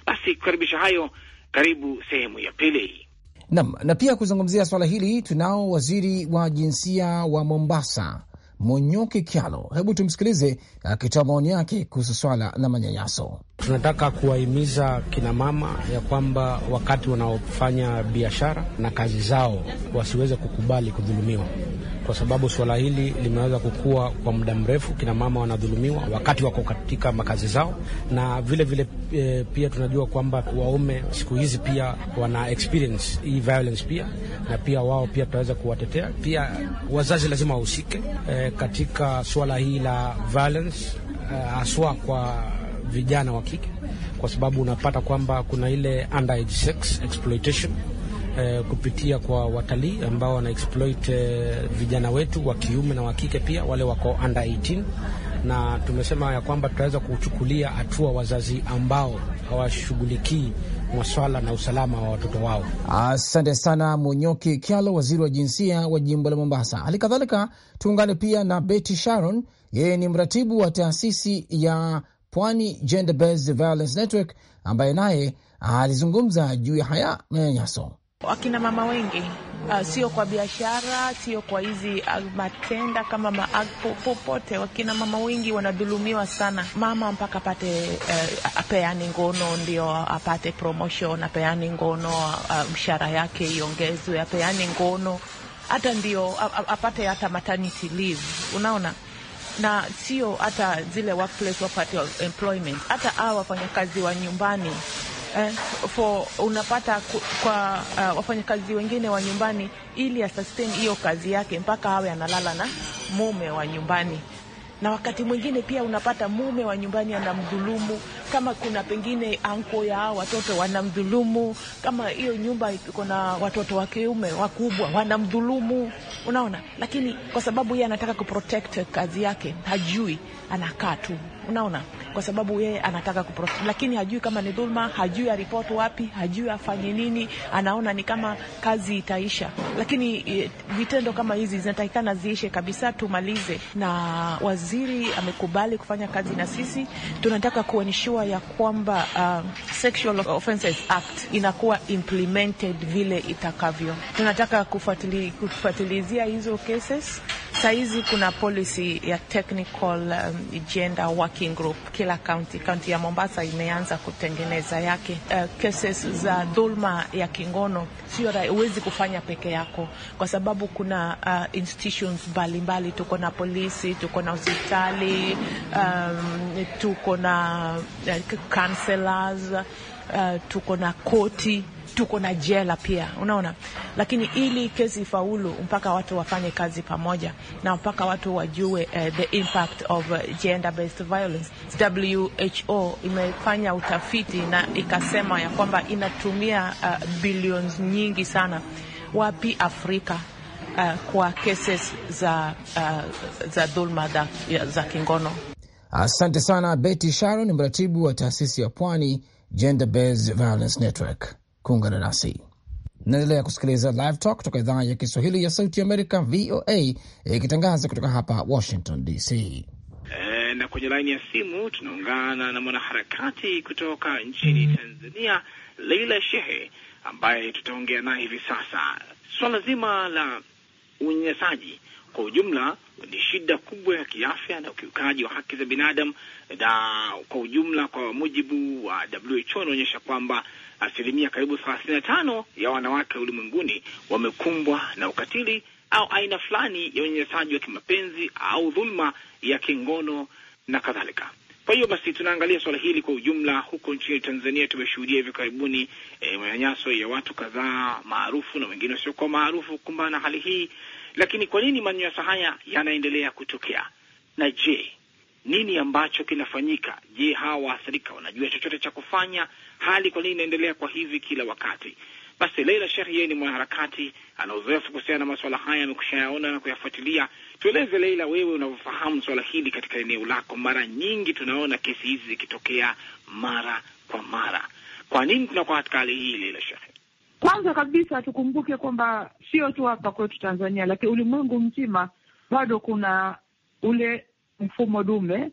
S5: Basi kukaribisha hayo, karibu sehemu ya pili. Naam, na pia kuzungumzia swala hili tunao waziri wa jinsia wa Mombasa Monyoke Kyalo. Hebu tumsikilize akitoa maoni yake kuhusu swala la manyanyaso.
S6: Tunataka kuwahimiza kinamama ya kwamba wakati wanaofanya biashara na kazi zao wasiweze kukubali kudhulumiwa, kwa sababu suala hili limeweza kukua kwa muda mrefu. Kinamama wanadhulumiwa wakati wako katika makazi zao, na vilevile vile, e, pia tunajua kwamba waume siku hizi pia wana experience hii violence pia, na pia wao pia tutaweza kuwatetea. Pia wazazi lazima wahusike e, katika suala hii la violence Eh, haswa uh, kwa vijana wa kike, kwa sababu unapata kwamba kuna ile underage sex exploitation uh, kupitia kwa watalii ambao wana exploit uh, vijana wetu wa kiume na wa kike pia wale wako under 18 na tumesema ya kwamba tutaweza kuchukulia hatua wazazi ambao hawashughulikii maswala na usalama wa watoto wao.
S5: Asante sana Munyoki Kyalo, waziri wa jinsia wa jimbo la Mombasa. Hali kadhalika tuungane pia na Betty Sharon yeye ni mratibu wa taasisi ya Pwani Gender Based Violence Network ambaye naye alizungumza juu ya haya manyanyaso.
S3: Wakina mama wengi uh, sio kwa biashara, sio kwa hizi uh, matenda kama ma, uh, popote. Wakina mama wengi wanadhulumiwa sana. Mama mpaka apate uh, apeani ngono ndio apate promotion, apeani ngono uh, mshahara yake iongezwe, apeani ngono hata ndio apate hata maternity leave, unaona na sio hata zile workplace wapate employment, hata hawa wafanyakazi wa nyumbani eh, for unapata kwa uh, wafanyakazi wengine wa nyumbani, ili asustain hiyo kazi yake mpaka awe analala na mume wa nyumbani na wakati mwingine pia unapata mume wa nyumbani anamdhulumu, kama kuna pengine anko ya watoto wanamdhulumu, kama hiyo nyumba iko na watoto wa kiume wakubwa wanamdhulumu, unaona. Lakini kwa sababu yeye anataka kuprotect kazi yake, hajui, anakaa tu unaona, kwa sababu yeye anataka kuprofit, lakini hajui kama ni dhulma, hajui aripoti wapi, hajui afanye nini, anaona ni kama kazi itaisha. Lakini e, vitendo kama hizi zinatakikana ziishe kabisa, tumalize. Na waziri amekubali kufanya kazi na sisi, tunataka kuenishua ya kwamba uh, Sexual Offences Act inakuwa implemented vile itakavyo. Tunataka kufuatilizia hizo cases Sahizi kuna policy ya technical um, gender working group kila kaunti. Kaunti ya Mombasa imeanza kutengeneza yake. Uh, cases za dhulma ya kingono sio huwezi kufanya peke yako, kwa sababu kuna uh, institutions mbalimbali. Tuko na polisi, tuko na hospitali um, tuko na uh, counselors uh, tuko na koti tuko na jela pia, unaona. Lakini ili kesi ifaulu, mpaka watu wafanye kazi pamoja na mpaka watu wajue uh, the impact of eh, gender based violence. WHO imefanya utafiti na ikasema ya kwamba inatumia uh, billions nyingi sana wapi Afrika uh, kwa cases za, uh, za dhulma za, za kingono.
S5: Asante sana Betty Sharon, ni mratibu wa taasisi ya Pwani Gender Based Violence Network kuungana nasi. Naendelea kusikiliza Live Talk kutoka idhaa ya Kiswahili ya Sauti Amerika, VOA, ikitangaza kutoka hapa Washington DC. E,
S4: eh, na kwenye
S5: laini ya simu tunaungana na mwanaharakati kutoka nchini mm. Tanzania, Leila Shehe, ambaye tutaongea naye hivi sasa. Swala zima la unyanyasaji kwa ujumla ni shida kubwa ya kiafya na ukiukaji wa haki za binadamu, na kwa ujumla, kwa mujibu wa WHO, inaonyesha kwamba asilimia karibu thelathini na tano ya wanawake ulimwenguni wamekumbwa na ukatili au aina fulani ya unyanyasaji wa kimapenzi au dhuluma ya kingono na kadhalika. Kwa hiyo basi tunaangalia suala hili kwa ujumla. Huko nchini Tanzania tumeshuhudia hivi karibuni e, manyanyaso ya watu kadhaa maarufu na wengine wasiokuwa maarufu kukumbana na hali hii. Lakini kwa nini manyanyaso haya yanaendelea kutokea? Na je, nini ambacho kinafanyika? Je, hawa waathirika wanajua chochote cha kufanya? Hali kwa nini inaendelea kwa hivi kila wakati? Basi Leila Sheikh, yeye ni mwanaharakati, ana uzoefu kuhusiana na masuala haya, amekusha yaona na kuyafuatilia. Tueleze Leila, wewe unavyofahamu swala hili katika eneo lako. Mara nyingi tunaona kesi hizi zikitokea mara kwa mara, kwa nini tunakuwa katika hali hii, Leila Sheikh?
S8: Kwanza kabisa tukumbuke kwamba sio tu hapa kwetu Tanzania, lakini ulimwengu mzima bado kuna ule mfumo dume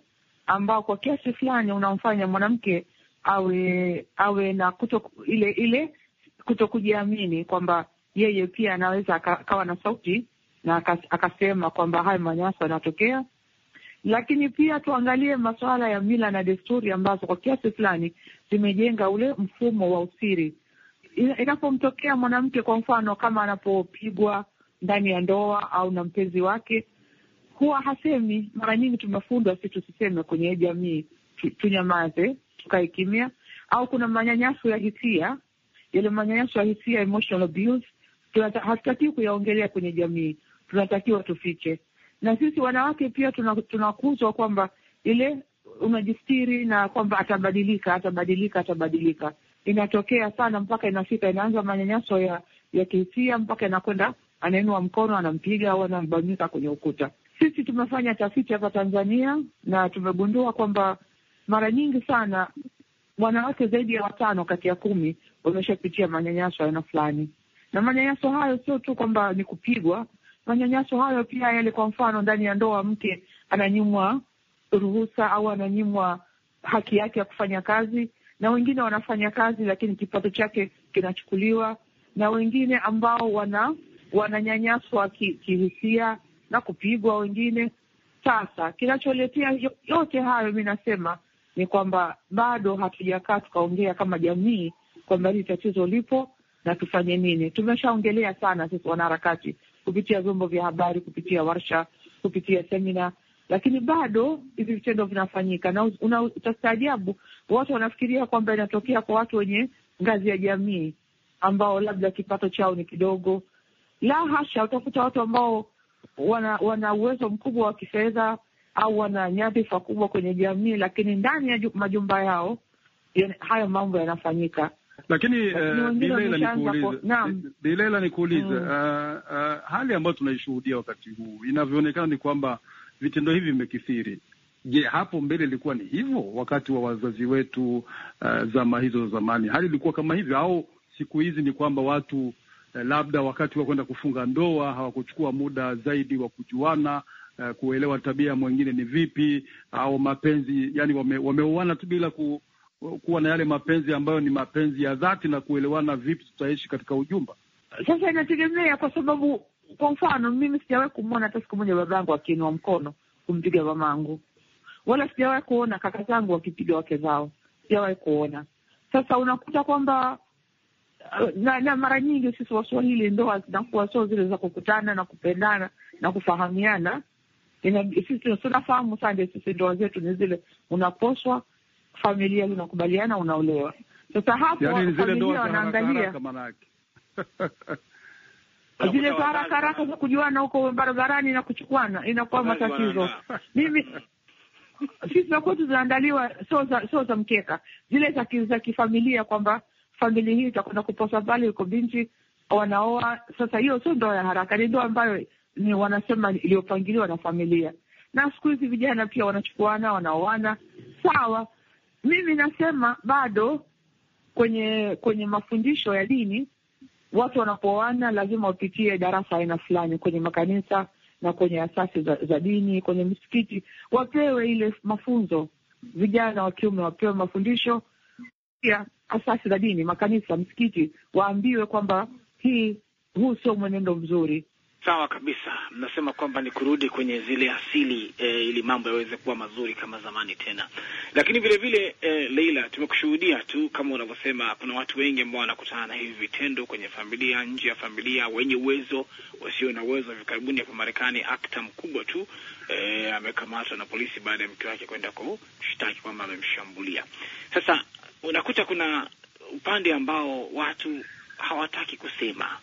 S8: ambao kwa kiasi fulani unamfanya mwanamke awe awe na kuto, ile ile kuto kujiamini kwamba yeye pia anaweza akawa na sauti na akasema kwamba haya manyaso yanatokea. Lakini pia tuangalie masuala ya mila na desturi ambazo kwa kiasi fulani zimejenga ule mfumo wa usiri. Inapomtokea mwanamke, kwa mfano, kama anapopigwa ndani ya ndoa au na mpenzi wake, huwa hasemi. Mara nyingi tumefundwa si tusiseme kwenye jamii, tunyamaze, tukae kimya. Au kuna manyanyaso ya hisia, yale manyanyaso ya hisia, emotional abuse, hatutakiwi kuyaongelea kwenye jamii, tunatakiwa tufiche. Na sisi wanawake pia tunakuzwa kwamba ile unajistiri na kwamba atabadilika, atabadilika, atabadilika. Inatokea sana mpaka inafika, inaanza manyanyaso ya ya kihisia mpaka inakwenda anainua mkono anampiga au anambamika kwenye ukuta. Sisi tumefanya tafiti hapa Tanzania na tumegundua kwamba mara nyingi sana wanawake zaidi ya watano kati ya kumi wameshapitia manyanyaso aina fulani, na manyanyaso hayo sio tu kwamba ni kupigwa. Manyanyaso hayo pia yale, kwa mfano, ndani ya ndoa mke ananyimwa ruhusa au ananyimwa haki yake ya kufanya kazi, na wengine wanafanya kazi lakini kipato chake kinachukuliwa, na wengine ambao wana wananyanyaswa kihisia ki na kupigwa wengine. Sasa kinacholetea yote hayo, mi nasema ni kwamba bado hatujakaa tukaongea kama jamii kwamba hili tatizo lipo na tufanye nini. Tumeshaongelea sana sisi wanaharakati kupitia vyombo vya habari, kupitia warsha, kupitia semina, lakini bado hivi vitendo vinafanyika, na utastaajabu, watu wanafikiria kwamba inatokea kwa watu wenye ngazi ya jamii ambao labda kipato chao ni kidogo. La hasha, utakuta watu ambao wana wana uwezo mkubwa wa kifedha au wana nyadhifa kubwa kwenye jamii, lakini ndani ya majumba yao hayo mambo yanafanyika.
S4: Lakini ni eh, nikuulize mm. eh, eh, hali ambayo tunaishuhudia wakati huu inavyoonekana ni kwamba vitendo hivi vimekithiri. Je, hapo mbele ilikuwa ni hivyo wakati wa wazazi wetu? Uh, zama hizo za zamani hali ilikuwa kama hivyo, au siku hizi ni kwamba watu Eh, labda wakati wa kwenda kufunga ndoa hawakuchukua muda zaidi wa kujuana uh, kuelewa tabia mwingine ni vipi, au mapenzi yani wameuana tu bila ku, kuwa na yale mapenzi ambayo ni mapenzi ya dhati na kuelewana vipi tutaishi katika ujumba. Sasa inategemea kwa sababu, kwa mfano
S8: mimi sijawahi kumwona hata siku moja babangu akiinua mkono kumpiga mamangu, wala sijawahi kuona kaka zangu wakipiga wake zao, sijawahi kuona. Sasa unakuta kwamba Uh, na, na mara nyingi sisi Waswahili ndoa zinakuwa sio zile za kukutana na kupendana na kufahamiana. Sisi tunafahamu sana, sisi ndoa zetu ni zile unaposwa familia, unakubaliana, unaolewa. Sasa hapo yani, familia wanaangalia
S4: zile za haraka haraka za
S8: kujuana huko barabarani na kuchukuana, inakuwa yaani matatizo. Mimi sisi za kwetu zinaandaliwa sio za mkeka, zile za kifamilia kwamba familia hii itakwenda kuposa pale, uko binti wanaoa sasa. Hiyo sio ndoa ya haraka, ni ndoa ambayo ni wanasema iliyopangiliwa na familia, na siku hizi vijana pia wanachukuana, wanaoana. Sawa, mimi nasema bado kwenye kwenye mafundisho ya dini, watu wanapooana lazima wapitie darasa aina fulani kwenye makanisa na kwenye asasi za, za dini, kwenye misikiti, wapewe ile mafunzo, vijana wa kiume wapewe mafundisho pia asasi za dini, makanisa, msikiti waambiwe kwamba hii huu sio mwenendo mzuri.
S5: Sawa kabisa, mnasema kwamba ni kurudi kwenye zile asili eh, ili mambo yaweze kuwa mazuri kama zamani tena. Lakini vile vile eh, Leila, tumekushuhudia tu kama unavyosema, kuna watu wengi ambao wanakutana na hivi vitendo kwenye familia, nje ya familia, wenye uwezo, wasio na uwezo. Hivi karibuni hapa Marekani, akta mkubwa tu eh, amekamatwa na polisi baada ya mke wake kwenda kushtaki kwamba amemshambulia. Sasa unakuta kuna upande ambao watu hawataki kusema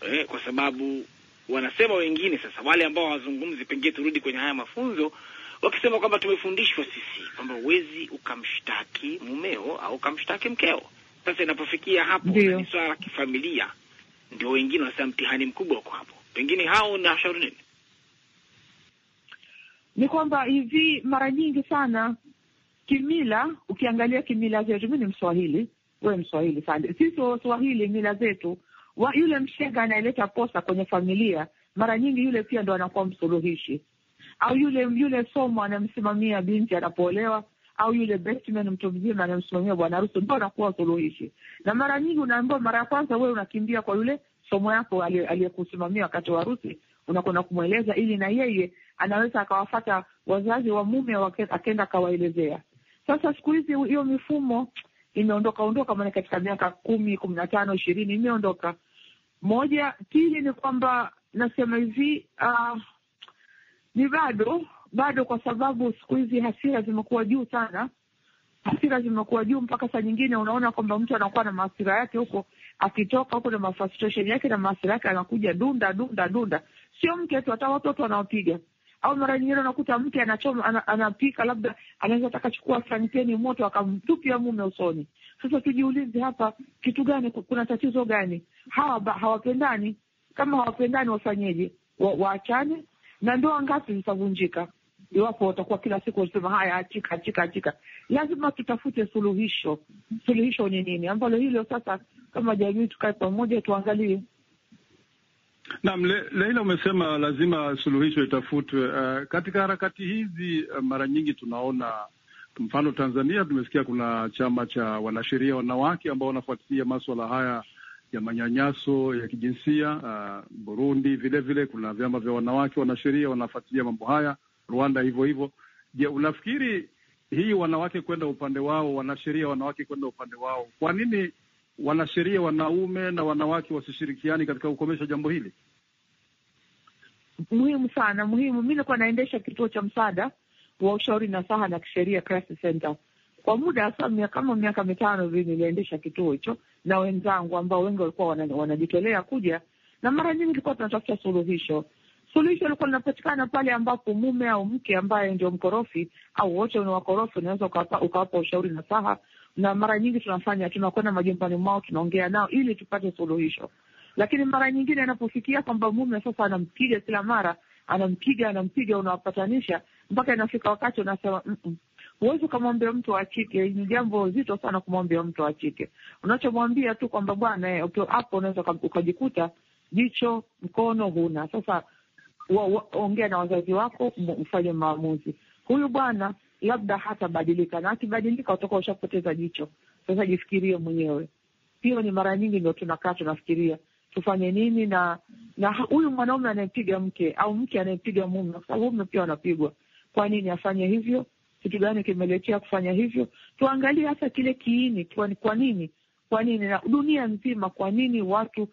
S5: eh, kwa sababu wanasema wengine. Sasa wale ambao hawazungumzi, pengine turudi kwenye haya mafunzo, wakisema kwamba tumefundishwa sisi kwamba huwezi ukamshtaki mumeo au ukamshtaki mkeo. Sasa inapofikia hapo ni swala la kifamilia, ndio wengine wanasema mtihani mkubwa uko hapo. Pengine hao unawashauri nini?
S8: Ni kwamba hivi mara nyingi sana Kimila, ukiangalia kimila zetu, mi ni Mswahili, wewe Mswahili sande, sisi Waswahili mila zetu wa, yule mshenga anayeleta posa kwenye familia mara nyingi yule pia ndo anakuwa msuluhishi, au yule yule somo anamsimamia binti anapoolewa, au yule bestman mtu mzima anamsimamia bwana harusi, ndo anakuwa suluhishi. Na mara nyingi unaambiwa, mara ya kwanza wewe unakimbia kwa yule somo yako aliyekusimamia wakati wa harusi, unakwenda kumweleza ili na yeye anaweza akawafata wazazi wa mume akenda akawaelezea sasa siku hizi hiyo mifumo imeondoka ondoka, maana katika miaka kumi kumi na tano ishirini imeondoka moja. Pili ni kwamba nasema hivi uh, ni bado bado, kwa sababu siku hizi hasira zimekuwa juu sana, hasira zimekuwa juu mpaka saa nyingine unaona kwamba mtu anakuwa na maasira yake huko, akitoka huko na mafrustration yake na maasira yake, anakuja dunda dunda dunda, sio mke tu, hata watoto wanaopiga au mara nyingine unakuta mke anachoma ana, anapika labda anaweza taka chukua frankeni moto akamtupia mume usoni. Sasa tujiulize hapa, kitu gani? Kuna tatizo gani? Hawa hawapendani. Kama hawapendani wafanyeje? Waachane. Na ndoa ngapi zitavunjika iwapo watakuwa kila siku wasema haya, achika achika achika. Lazima tutafute suluhisho. Suluhisho ni nini? Ambalo hilo sasa, kama jamii tukae pamoja, tuangalie.
S4: Naam, Leila, umesema lazima suluhisho itafutwe. Uh, katika harakati hizi uh, mara nyingi tunaona mfano Tanzania, tumesikia kuna chama cha wanasheria wanawake ambao wanafuatilia maswala haya ya manyanyaso ya kijinsia uh, Burundi vilevile vile, kuna vyama vya wanawake wanasheria wanafuatilia mambo haya, Rwanda hivyo hivyo. Je, unafikiri hii wanawake kwenda upande wao, wanasheria wanawake kwenda upande wao, kwa nini wanasheria wanaume na wanawake wasishirikiani katika kukomesha jambo hili?
S8: Muhimu sana, muhimu. Mi nilikuwa naendesha kituo cha msaada wa ushauri na saha na kisheria Crisis Center kwa muda hasa kama miaka mitano hivi niliendesha kituo hicho na wenzangu ambao wengi walikuwa wanajitolea kuja, na mara nyingi tulikuwa tunatafuta suluhisho. Suluhisho lilikuwa linapatikana pale ambapo mume au mke ambaye ndio mkorofi au wote ni wakorofi, unaweza ukawapa ushauri na saha na mara nyingi tunafanya tunakwenda majumbani mwao, tunaongea nao ili tupate suluhisho. Lakini mara nyingine anapofikia kwamba mume sasa anampiga kila mara, anampiga anampiga, unawapatanisha mpaka inafika wakati unasema mm, mm, huwezi ukamwambia mtu achike. Ni jambo zito sana kumwambia mtu achike. Unachomwambia tu kwamba bwana, eh, ukiwa hapo unaweza ukajikuta jicho mkono huna. Sasa ongea na wazazi wako mfanye maamuzi. Huyu bwana labda hata badilika na akibadilika utakuwa ushapoteza jicho. Sasa jifikirie mwenyewe. Hiyo ni mara nyingi ndo tunakaa tunafikiria tufanye nini na na huyu mwanaume anayempiga mke au mke anayempiga mume, kwa sababu mume pia wanapigwa, Kwa nini afanye hivyo? Kitu gani kimeletea kufanya hivyo? Tuangalie hasa kile kiini, kwa nini, kwa nini na dunia nzima, kwa nini watu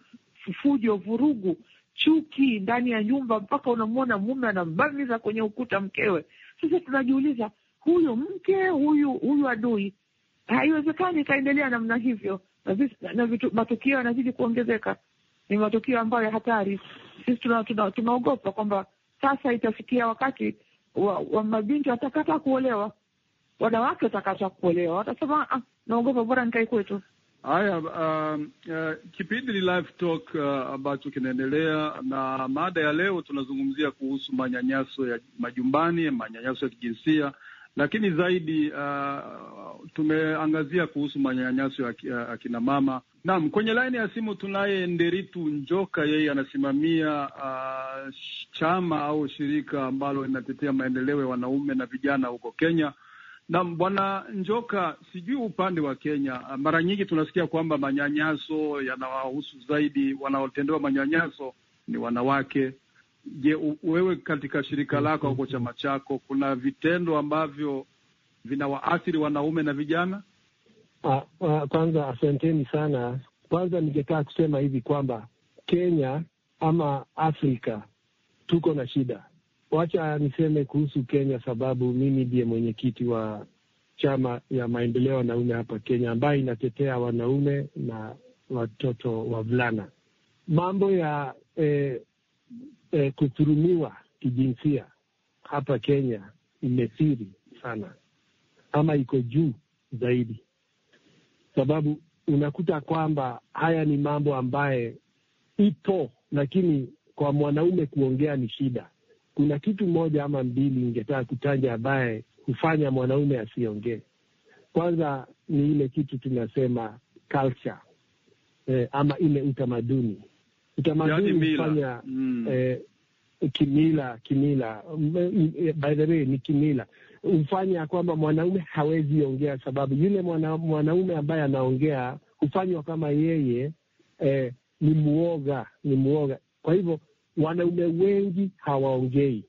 S8: fujo, vurugu, chuki ndani ya nyumba, mpaka unamwona mume anambamiza kwenye ukuta mkewe. Sasa tunajiuliza huyu mke huyu huyu adui. Haiwezekani ikaendelea namna hivyo, na, na, na vitu, matukio yanazidi kuongezeka. Ni matukio ambayo ya hatari. Sisi tunaogopa tuna, tuna kwamba sasa itafikia wakati wa, wa mabinti watakataa kuolewa, wanawake watakataa kuolewa, watasema ah, naogopa, bora nikae kwetu.
S4: Haya, um, uh, kipindi ni Live Talk uh, ambacho kinaendelea na mada ya leo tunazungumzia kuhusu manyanyaso ya majumbani, manyanyaso ya kijinsia lakini zaidi uh, tumeangazia kuhusu manyanyaso ya uh, akina mama. Naam, kwenye laini ya simu tunaye Nderitu Njoka, yeye anasimamia uh, chama au shirika ambalo linatetea maendeleo ya wanaume na vijana huko Kenya. Naam, Bwana Njoka, sijui upande wa Kenya, uh, mara nyingi tunasikia kwamba manyanyaso yanawahusu zaidi, wanaotendewa manyanyaso ni wanawake Je, wewe katika shirika mm-hmm. lako au chama chako kuna vitendo ambavyo vinawaathiri wanaume na vijana?
S6: Ah, ah, kwanza asanteni sana. Kwanza ningetaka kusema hivi kwamba Kenya ama Afrika tuko na shida. Wacha niseme kuhusu Kenya sababu mimi ndiye mwenyekiti wa chama ya maendeleo wanaume hapa Kenya ambayo inatetea wanaume na watoto wavulana. Mambo ya eh, eh, kuturumiwa kijinsia hapa Kenya imesiri sana ama iko juu zaidi, sababu unakuta kwamba haya ni mambo ambaye ipo, lakini kwa mwanaume kuongea ni shida. Kuna kitu moja ama mbili ingetaka kutanja ambaye hufanya mwanaume asiongee. Kwanza ni ile kitu tunasema culture, eh, ama ile utamaduni utamaduni kufanya yaani mm. eh, kimila kimila, mm, by the way, ni kimila hufanya kwamba mwanaume hawezi ongea, sababu yule mwana, mwanaume ambaye anaongea hufanywa kama yeye eh, ni mwoga ni mwoga Kwa hivyo wanaume wengi hawaongei.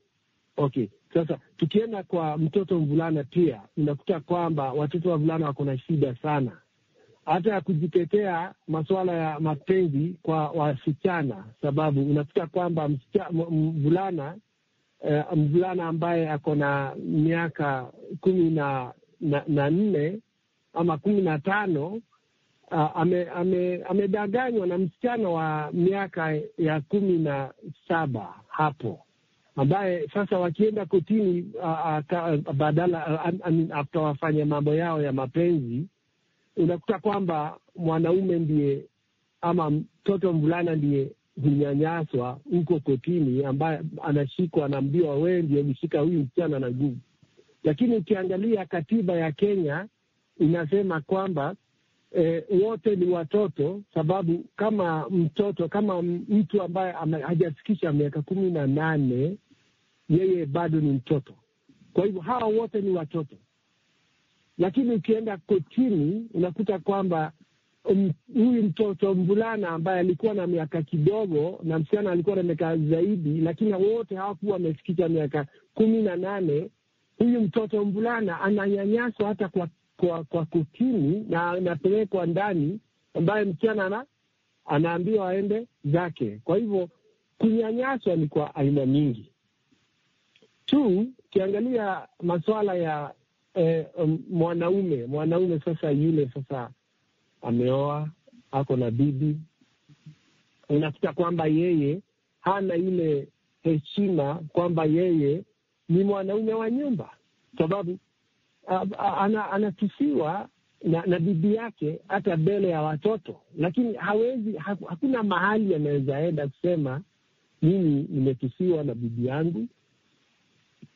S6: Okay, sasa tukienda kwa mtoto mvulana, pia unakuta kwamba watoto wa vulana wako na shida sana hata ya kujitetea masuala ya mapenzi kwa wasichana, sababu unafika kwamba mvulana eh, mvulana ambaye ako na miaka kumi na, na, na nne ama kumi na tano amedanganywa ame, ame na msichana wa miaka ya kumi na saba hapo ambaye sasa wakienda kotini badala after wafanye mambo yao ya mapenzi unakuta kwamba mwanaume ndiye ama mtoto mvulana ndiye hunyanyaswa huko kotini, ambaye anashikwa, anaambiwa wewe ndiye ulishika huyu msichana na nguvu. Lakini ukiangalia katiba ya Kenya inasema kwamba e, wote ni watoto, sababu kama mtoto kama mtu ambaye hajafikisha miaka kumi na nane yeye bado ni mtoto. Kwa hivyo hawa wote ni watoto, lakini ukienda kotini unakuta kwamba um, huyu mtoto mvulana ambaye alikuwa na miaka kidogo na msichana alikuwa na miaka zaidi, lakini wote hawakuwa wamefikisha miaka kumi na nane. Huyu mtoto mvulana ananyanyaswa hata kwa kwa, kwa kotini na anapelekwa ndani, ambaye msichana anaambiwa aende zake. Kwa hivyo kunyanyaswa ni kwa aina nyingi tu. Ukiangalia masuala ya eh, um, mwanaume mwanaume sasa yule sasa ameoa ako na bibi, unakuta kwamba yeye hana ile heshima kwamba yeye ni mwanaume wa nyumba, sababu anatusiwa na, na bibi yake hata mbele ya watoto, lakini hawezi hakuna mahali anaweza enda kusema mimi nimetusiwa na bibi yangu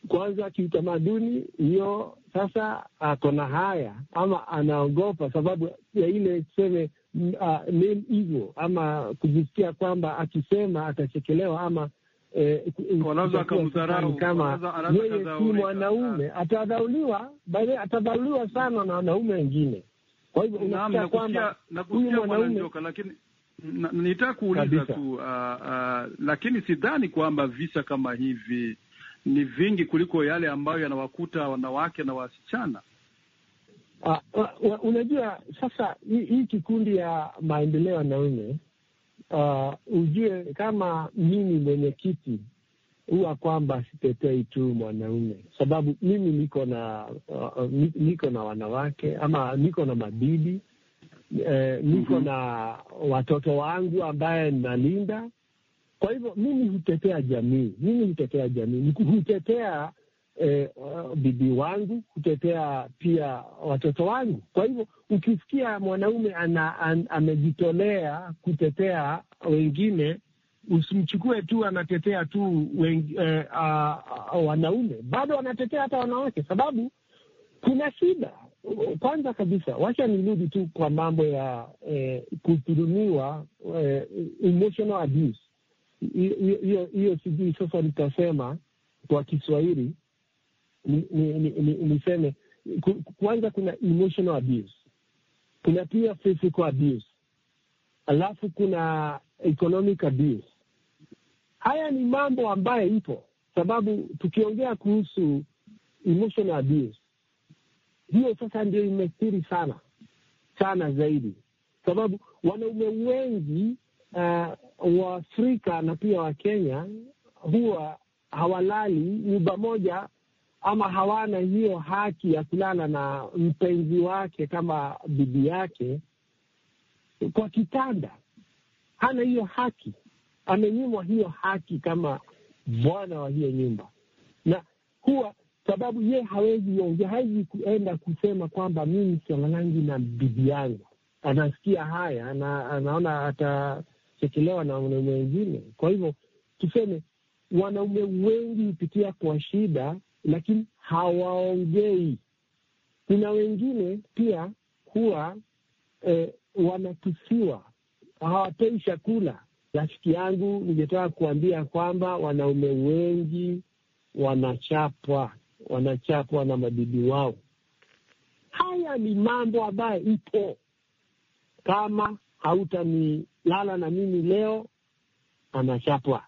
S6: kwanza kiutamaduni, hiyo sasa ako na haya ama anaogopa sababu ya ile tuseme uh, name ego ama kujisikia kwamba akisema atachekelewa ama eh, eh yeye si mwanaume atadhauliwa, bae atadhauliwa sana na wanaume wengine. Kwa hivyo unasikia kwamba huyu mwanaume
S4: nitakuuliza tu uh, uh, lakini sidhani kwamba visa kama hivi ni vingi kuliko yale ambayo yanawakuta wanawake na wasichana. Uh, uh,
S6: unajua sasa hii, hii kikundi ya maendeleo ya wanaume uh, ujue kama mimi mwenyekiti huwa kwamba sitetei tu mwanaume, sababu mimi niko na uh, niko na wanawake ama niko na mabibi eh, niko mm -hmm. na watoto wangu ambaye nalinda kwa hivyo mimi hutetea jamii, mimi hutetea jamii, hutetea eh, bibi wangu, hutetea pia watoto wangu. Kwa hivyo ukisikia mwanaume ana, an, amejitolea kutetea wengine usimchukue tu anatetea tu wengi, eh, uh, uh, wanaume bado wanatetea hata wanawake, sababu kuna shida. Kwanza kabisa, wacha nirudi tu kwa mambo ya eh, kudhulumiwa eh, emotional abuse hiyo sijui sasa nitasema kwa Kiswahili niseme ni, ni, ni kwanza, kuna emotional abuse, kuna pia physical abuse, alafu kuna economic abuse. Haya ni mambo ambayo ipo, sababu tukiongea kuhusu emotional abuse, hiyo sasa ndio imethiri sana sana zaidi, sababu wanaume wengi uh, Waafrika na pia Wakenya huwa hawalali nyumba moja ama hawana hiyo haki ya kulala na mpenzi wake kama bibi yake kwa kitanda. Hana hiyo haki, amenyimwa hiyo haki kama bwana wa hiyo nyumba, na huwa sababu ye hawezi onge, hawezi kuenda kusema kwamba mimi langi na bibi yangu. Anasikia haya na anaona ata kuchekelewa na wanaume wengine. Kwa hivyo tuseme wanaume wengi hupitia kwa shida, lakini hawaongei. Kuna wengine pia huwa eh, wanatusiwa, hawapei chakula. Rafiki yangu, ningetaka kuambia kwamba wanaume wengi wanachapwa, wanachapwa na mabibi wao. Haya ni mambo ambayo ipo, kama hautani lala na mimi leo, anachapwa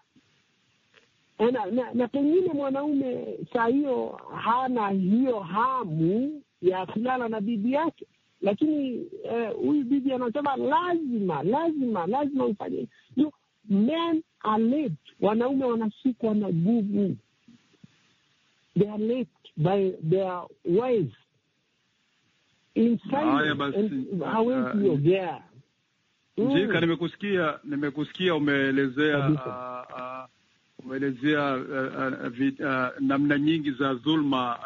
S6: eh, na, na, na pengine mwanaume saa hiyo hana hiyo hamu ya kulala na bibi yake, lakini eh, huyu eh, bibi anasema lazima lazima lazima ufanye. Men are led, wanaume wanashikwa na gugu they are led by their wives. Hawezi kuongea Njika, mm.
S4: nimekusikia nimekusikia umeelezea ah, ah, umeelezea ah, namna nyingi za dhulma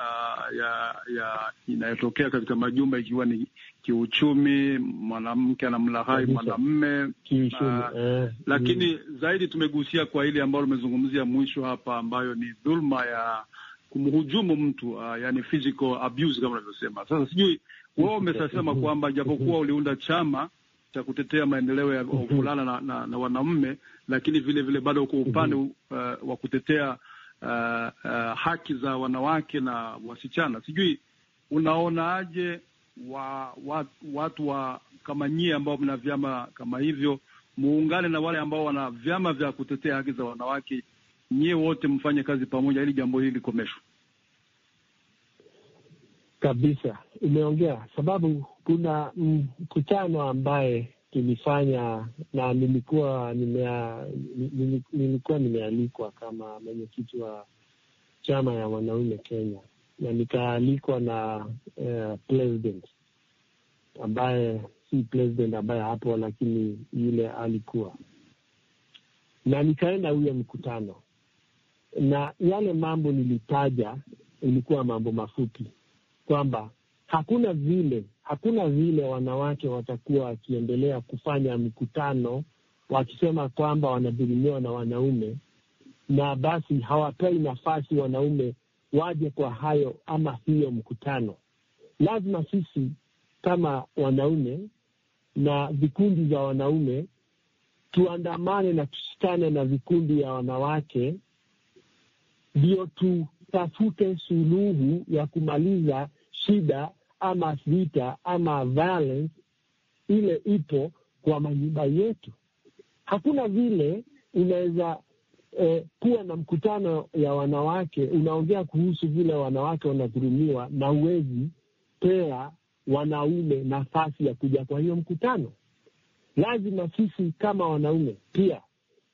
S4: ya, ya inayotokea katika majumba ikiwa ni kiuchumi, mwanamke anamlahai mwanamme eh, mm. lakini mm, zaidi tumegusia kwa ile ambayo umezungumzia mwisho hapa ambayo ni dhulma ya kumhujumu mtu uh, yani physical abuse kama unavyosema. Sasa sijui wewe umesasema kwamba japokuwa mm-hmm. uliunda chama cha kutetea maendeleo ya mhm. wavulana na, na, na wanaume, lakini vile vile bado uko mhm. upande uh, wa kutetea uh, uh, haki za wanawake na wasichana. Sijui unaonaje wa, wa, watu wa kama nyie ambao mna vyama kama hivyo muungane na wale ambao wana vyama vya kutetea haki za wanawake, nyie wote mfanye kazi pamoja ili jambo hili likomeshwe
S6: kabisa. Umeongea sababu kuna mm, mkutano ambaye tulifanya na nilikuwa nimea, nilikuwa nimealikwa kama mwenyekiti wa chama ya wanaume Kenya, na nikaalikwa na uh, president ambaye si president ambaye hapo, lakini yule alikuwa na nikaenda huyo mkutano, na yale mambo nilitaja ilikuwa mambo mafupi kwamba hakuna vile hakuna vile wanawake watakuwa wakiendelea kufanya mikutano wakisema kwamba wanadhulumiwa na wanaume, na basi hawapei nafasi wanaume waje kwa hayo ama hiyo mkutano. Lazima sisi kama wanaume na vikundi vya wanaume tuandamane na tushikane na vikundi ya wanawake, ndio tutafute suluhu ya kumaliza shida ama vita ama violence ile ipo kwa manyumba yetu. Hakuna vile unaweza eh, kuwa na mkutano ya wanawake unaongea kuhusu vile wanawake wanadhulumiwa na uwezi pea wanaume nafasi ya kuja kwa hiyo mkutano. Lazima sisi kama wanaume pia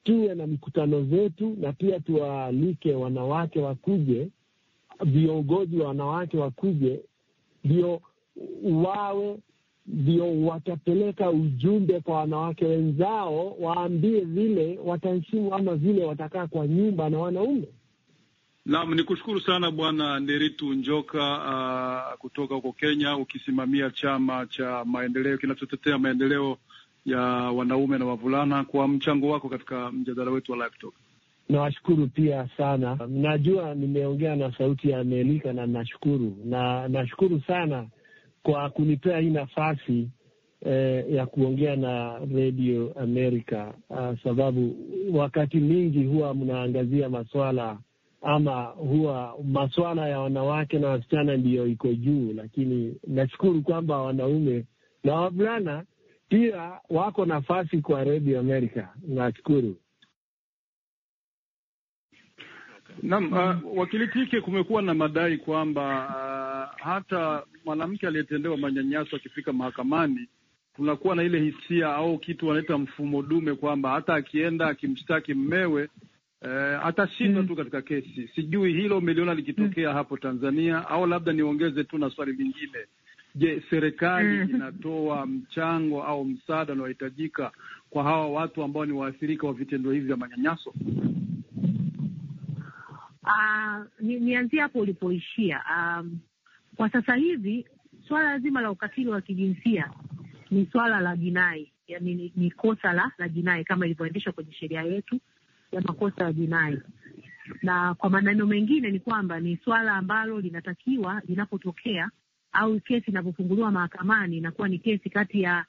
S6: tuwe na mikutano zetu, na pia tuwaalike wanawake wakuje, viongozi wa wanawake wakuje ndio wawe ndio watapeleka ujumbe kwa wanawake wenzao, waambie vile wataheshimu ama vile watakaa kwa nyumba na wanaume.
S4: Naam, ni kushukuru sana Bwana Nderitu Njoka uh, kutoka huko Kenya, ukisimamia chama cha maendeleo kinachotetea maendeleo ya wanaume na wavulana, kwa mchango wako katika mjadala wetu wa Live Talk.
S6: Nawashukuru pia sana. Najua nimeongea na Sauti ya Amerika na nashukuru, na nashukuru sana kwa kunipea hii nafasi eh, ya kuongea na Radio America ah, sababu wakati mingi huwa mnaangazia maswala ama huwa maswala ya wanawake na wasichana ndiyo iko juu, lakini nashukuru kwamba wanaume na wavulana pia wako nafasi kwa Radio America. Nashukuru.
S4: Naam, uh, wakili Tike, kumekuwa na madai kwamba uh, hata mwanamke aliyetendewa manyanyaso akifika mahakamani tunakuwa na ile hisia au kitu wanaita mfumo dume kwamba hata akienda akimshtaki mmewe uh, atashindwa mm, tu hmm. katika kesi. Sijui hilo umeliona likitokea mm, hapo Tanzania? Au labda niongeze tu na swali lingine, je, serikali mm, inatoa mchango au msaada unaohitajika kwa hawa watu ambao ni waathirika wa vitendo hivi vya manyanyaso?
S7: Uh, nianzie hapo ulipoishia. Um, kwa sasa hivi swala zima la ukatili wa kijinsia ni swala la jinai, yani ni, ni kosa la la jinai kama ilivyoendeshwa kwenye sheria yetu ya makosa ya jinai, na kwa maneno mengine ni kwamba ni swala ambalo linatakiwa linapotokea au kesi inapofunguliwa mahakamani inakuwa ni kesi kati ya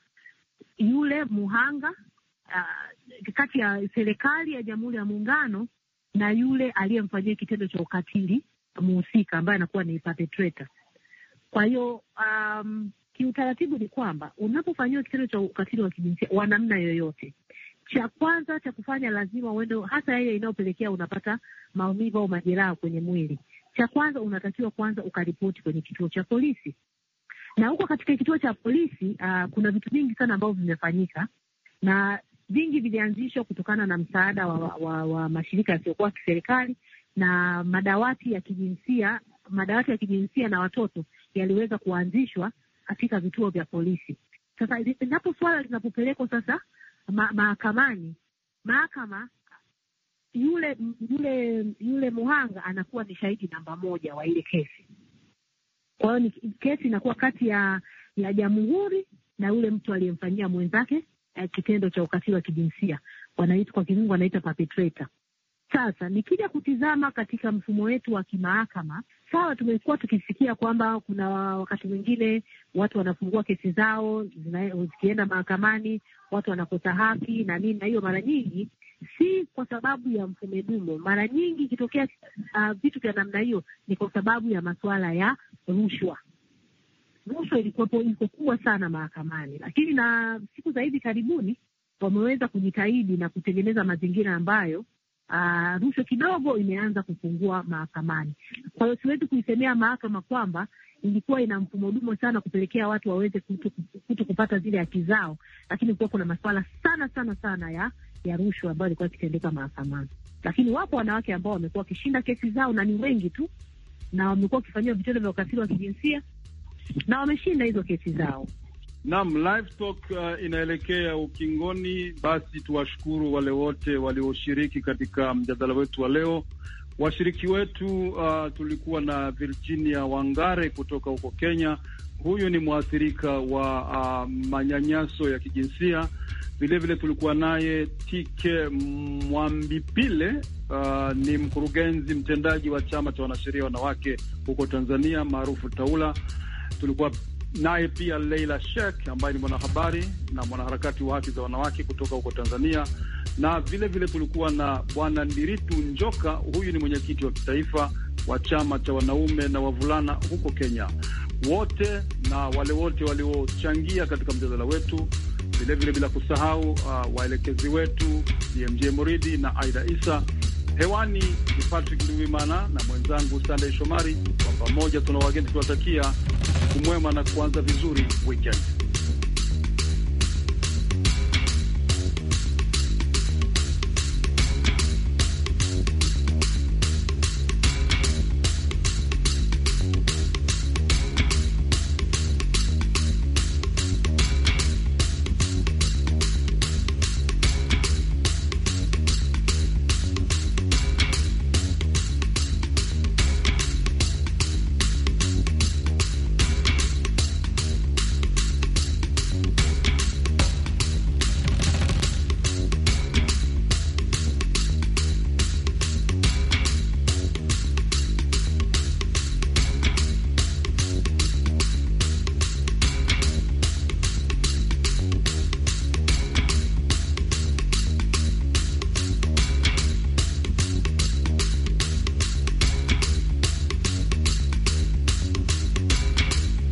S7: yule muhanga uh, kati ya serikali ya Jamhuri ya Muungano na yule aliyemfanyia kitendo cha ukatili mhusika ambaye anakuwa ni perpetrator. Kwa hiyo um, kiutaratibu ni kwamba unapofanyiwa kitendo cha ukatili wa kijinsia wa namna yoyote, cha kwanza cha kufanya lazima uende, hasa yeye inayopelekea unapata maumivu au majeraha kwenye mwili, cha kwanza unatakiwa kwanza ukaripoti kwenye kituo cha polisi, na huko katika kituo cha polisi uh, kuna vitu vingi sana ambavyo vimefanyika na vingi vilianzishwa kutokana na msaada wa, wa, wa mashirika yasiyokuwa kiserikali na madawati ya kijinsia, madawati ya kijinsia na watoto yaliweza kuanzishwa katika vituo vya polisi. Sasa inapo swala linapopelekwa sasa mahakamani, mahakama yule yule yule muhanga anakuwa ni shahidi namba moja wa ile kesi. Kwa hiyo kesi inakuwa kati ya ya jamhuri na yule mtu aliyemfanyia mwenzake eh, kitendo cha ukatili wa kijinsia wanaita kwa kizungu wanaita perpetrator. Sasa nikija kutizama katika mfumo wetu wa kimahakama, sawa, tumekuwa tukisikia kwamba kuna wakati mwingine watu wanafungua kesi zao zikienda mahakamani, watu wanakosa haki na nini, na hiyo mara nyingi si kwa sababu ya mfumo dumo. Mara nyingi ikitokea uh, vitu vya namna hiyo ni kwa sababu ya masuala ya rushwa rushwa ilikuwepo iko kubwa sana mahakamani, lakini na siku za hivi karibuni wameweza kujitahidi na kutengeneza mazingira ambayo Uh, rushwa kidogo imeanza kupungua mahakamani. Kwa hiyo siwezi kuisemea mahakama kwamba ilikuwa ina mfumo dumo sana kupelekea watu waweze kuto, kupata zile haki zao, lakini kuwa kuna masuala sana sana sana ya ya rushwa ambayo ilikuwa ikitendeka mahakamani. Lakini wapo wanawake ambao wamekuwa wakishinda kesi zao na ni wengi tu, na wamekuwa wakifanyiwa vitendo vya ukatili wa kijinsia na wameshinda hizo kesi zao.
S4: Naam, livestock uh, inaelekea ukingoni. Basi tuwashukuru wale wote walioshiriki katika mjadala wetu wa leo. Washiriki wetu uh, tulikuwa na Virginia Wangare kutoka huko Kenya. Huyu ni mwathirika wa uh, manyanyaso ya kijinsia. Vilevile tulikuwa naye Tike Mwambipile uh, ni mkurugenzi mtendaji wa chama cha wanasheria wanawake huko Tanzania maarufu Taula tulikuwa naye pia Leila Sheikh ambaye ni mwanahabari na mwanaharakati wa haki za wanawake kutoka huko Tanzania, na vile vile tulikuwa na bwana Ndiritu Njoka, huyu ni mwenyekiti wa kitaifa wa chama cha wanaume na wavulana huko Kenya. Wote na wale wote waliochangia katika mjadala wetu, vilevile bila kusahau uh, waelekezi wetu DMJ Moridi na Aida Isa Hewani ni Patrick Luimana na mwenzangu Sandey Shomari, kwa pamoja tuna wageni tukiwatakia mwema na kuanza vizuri weekend.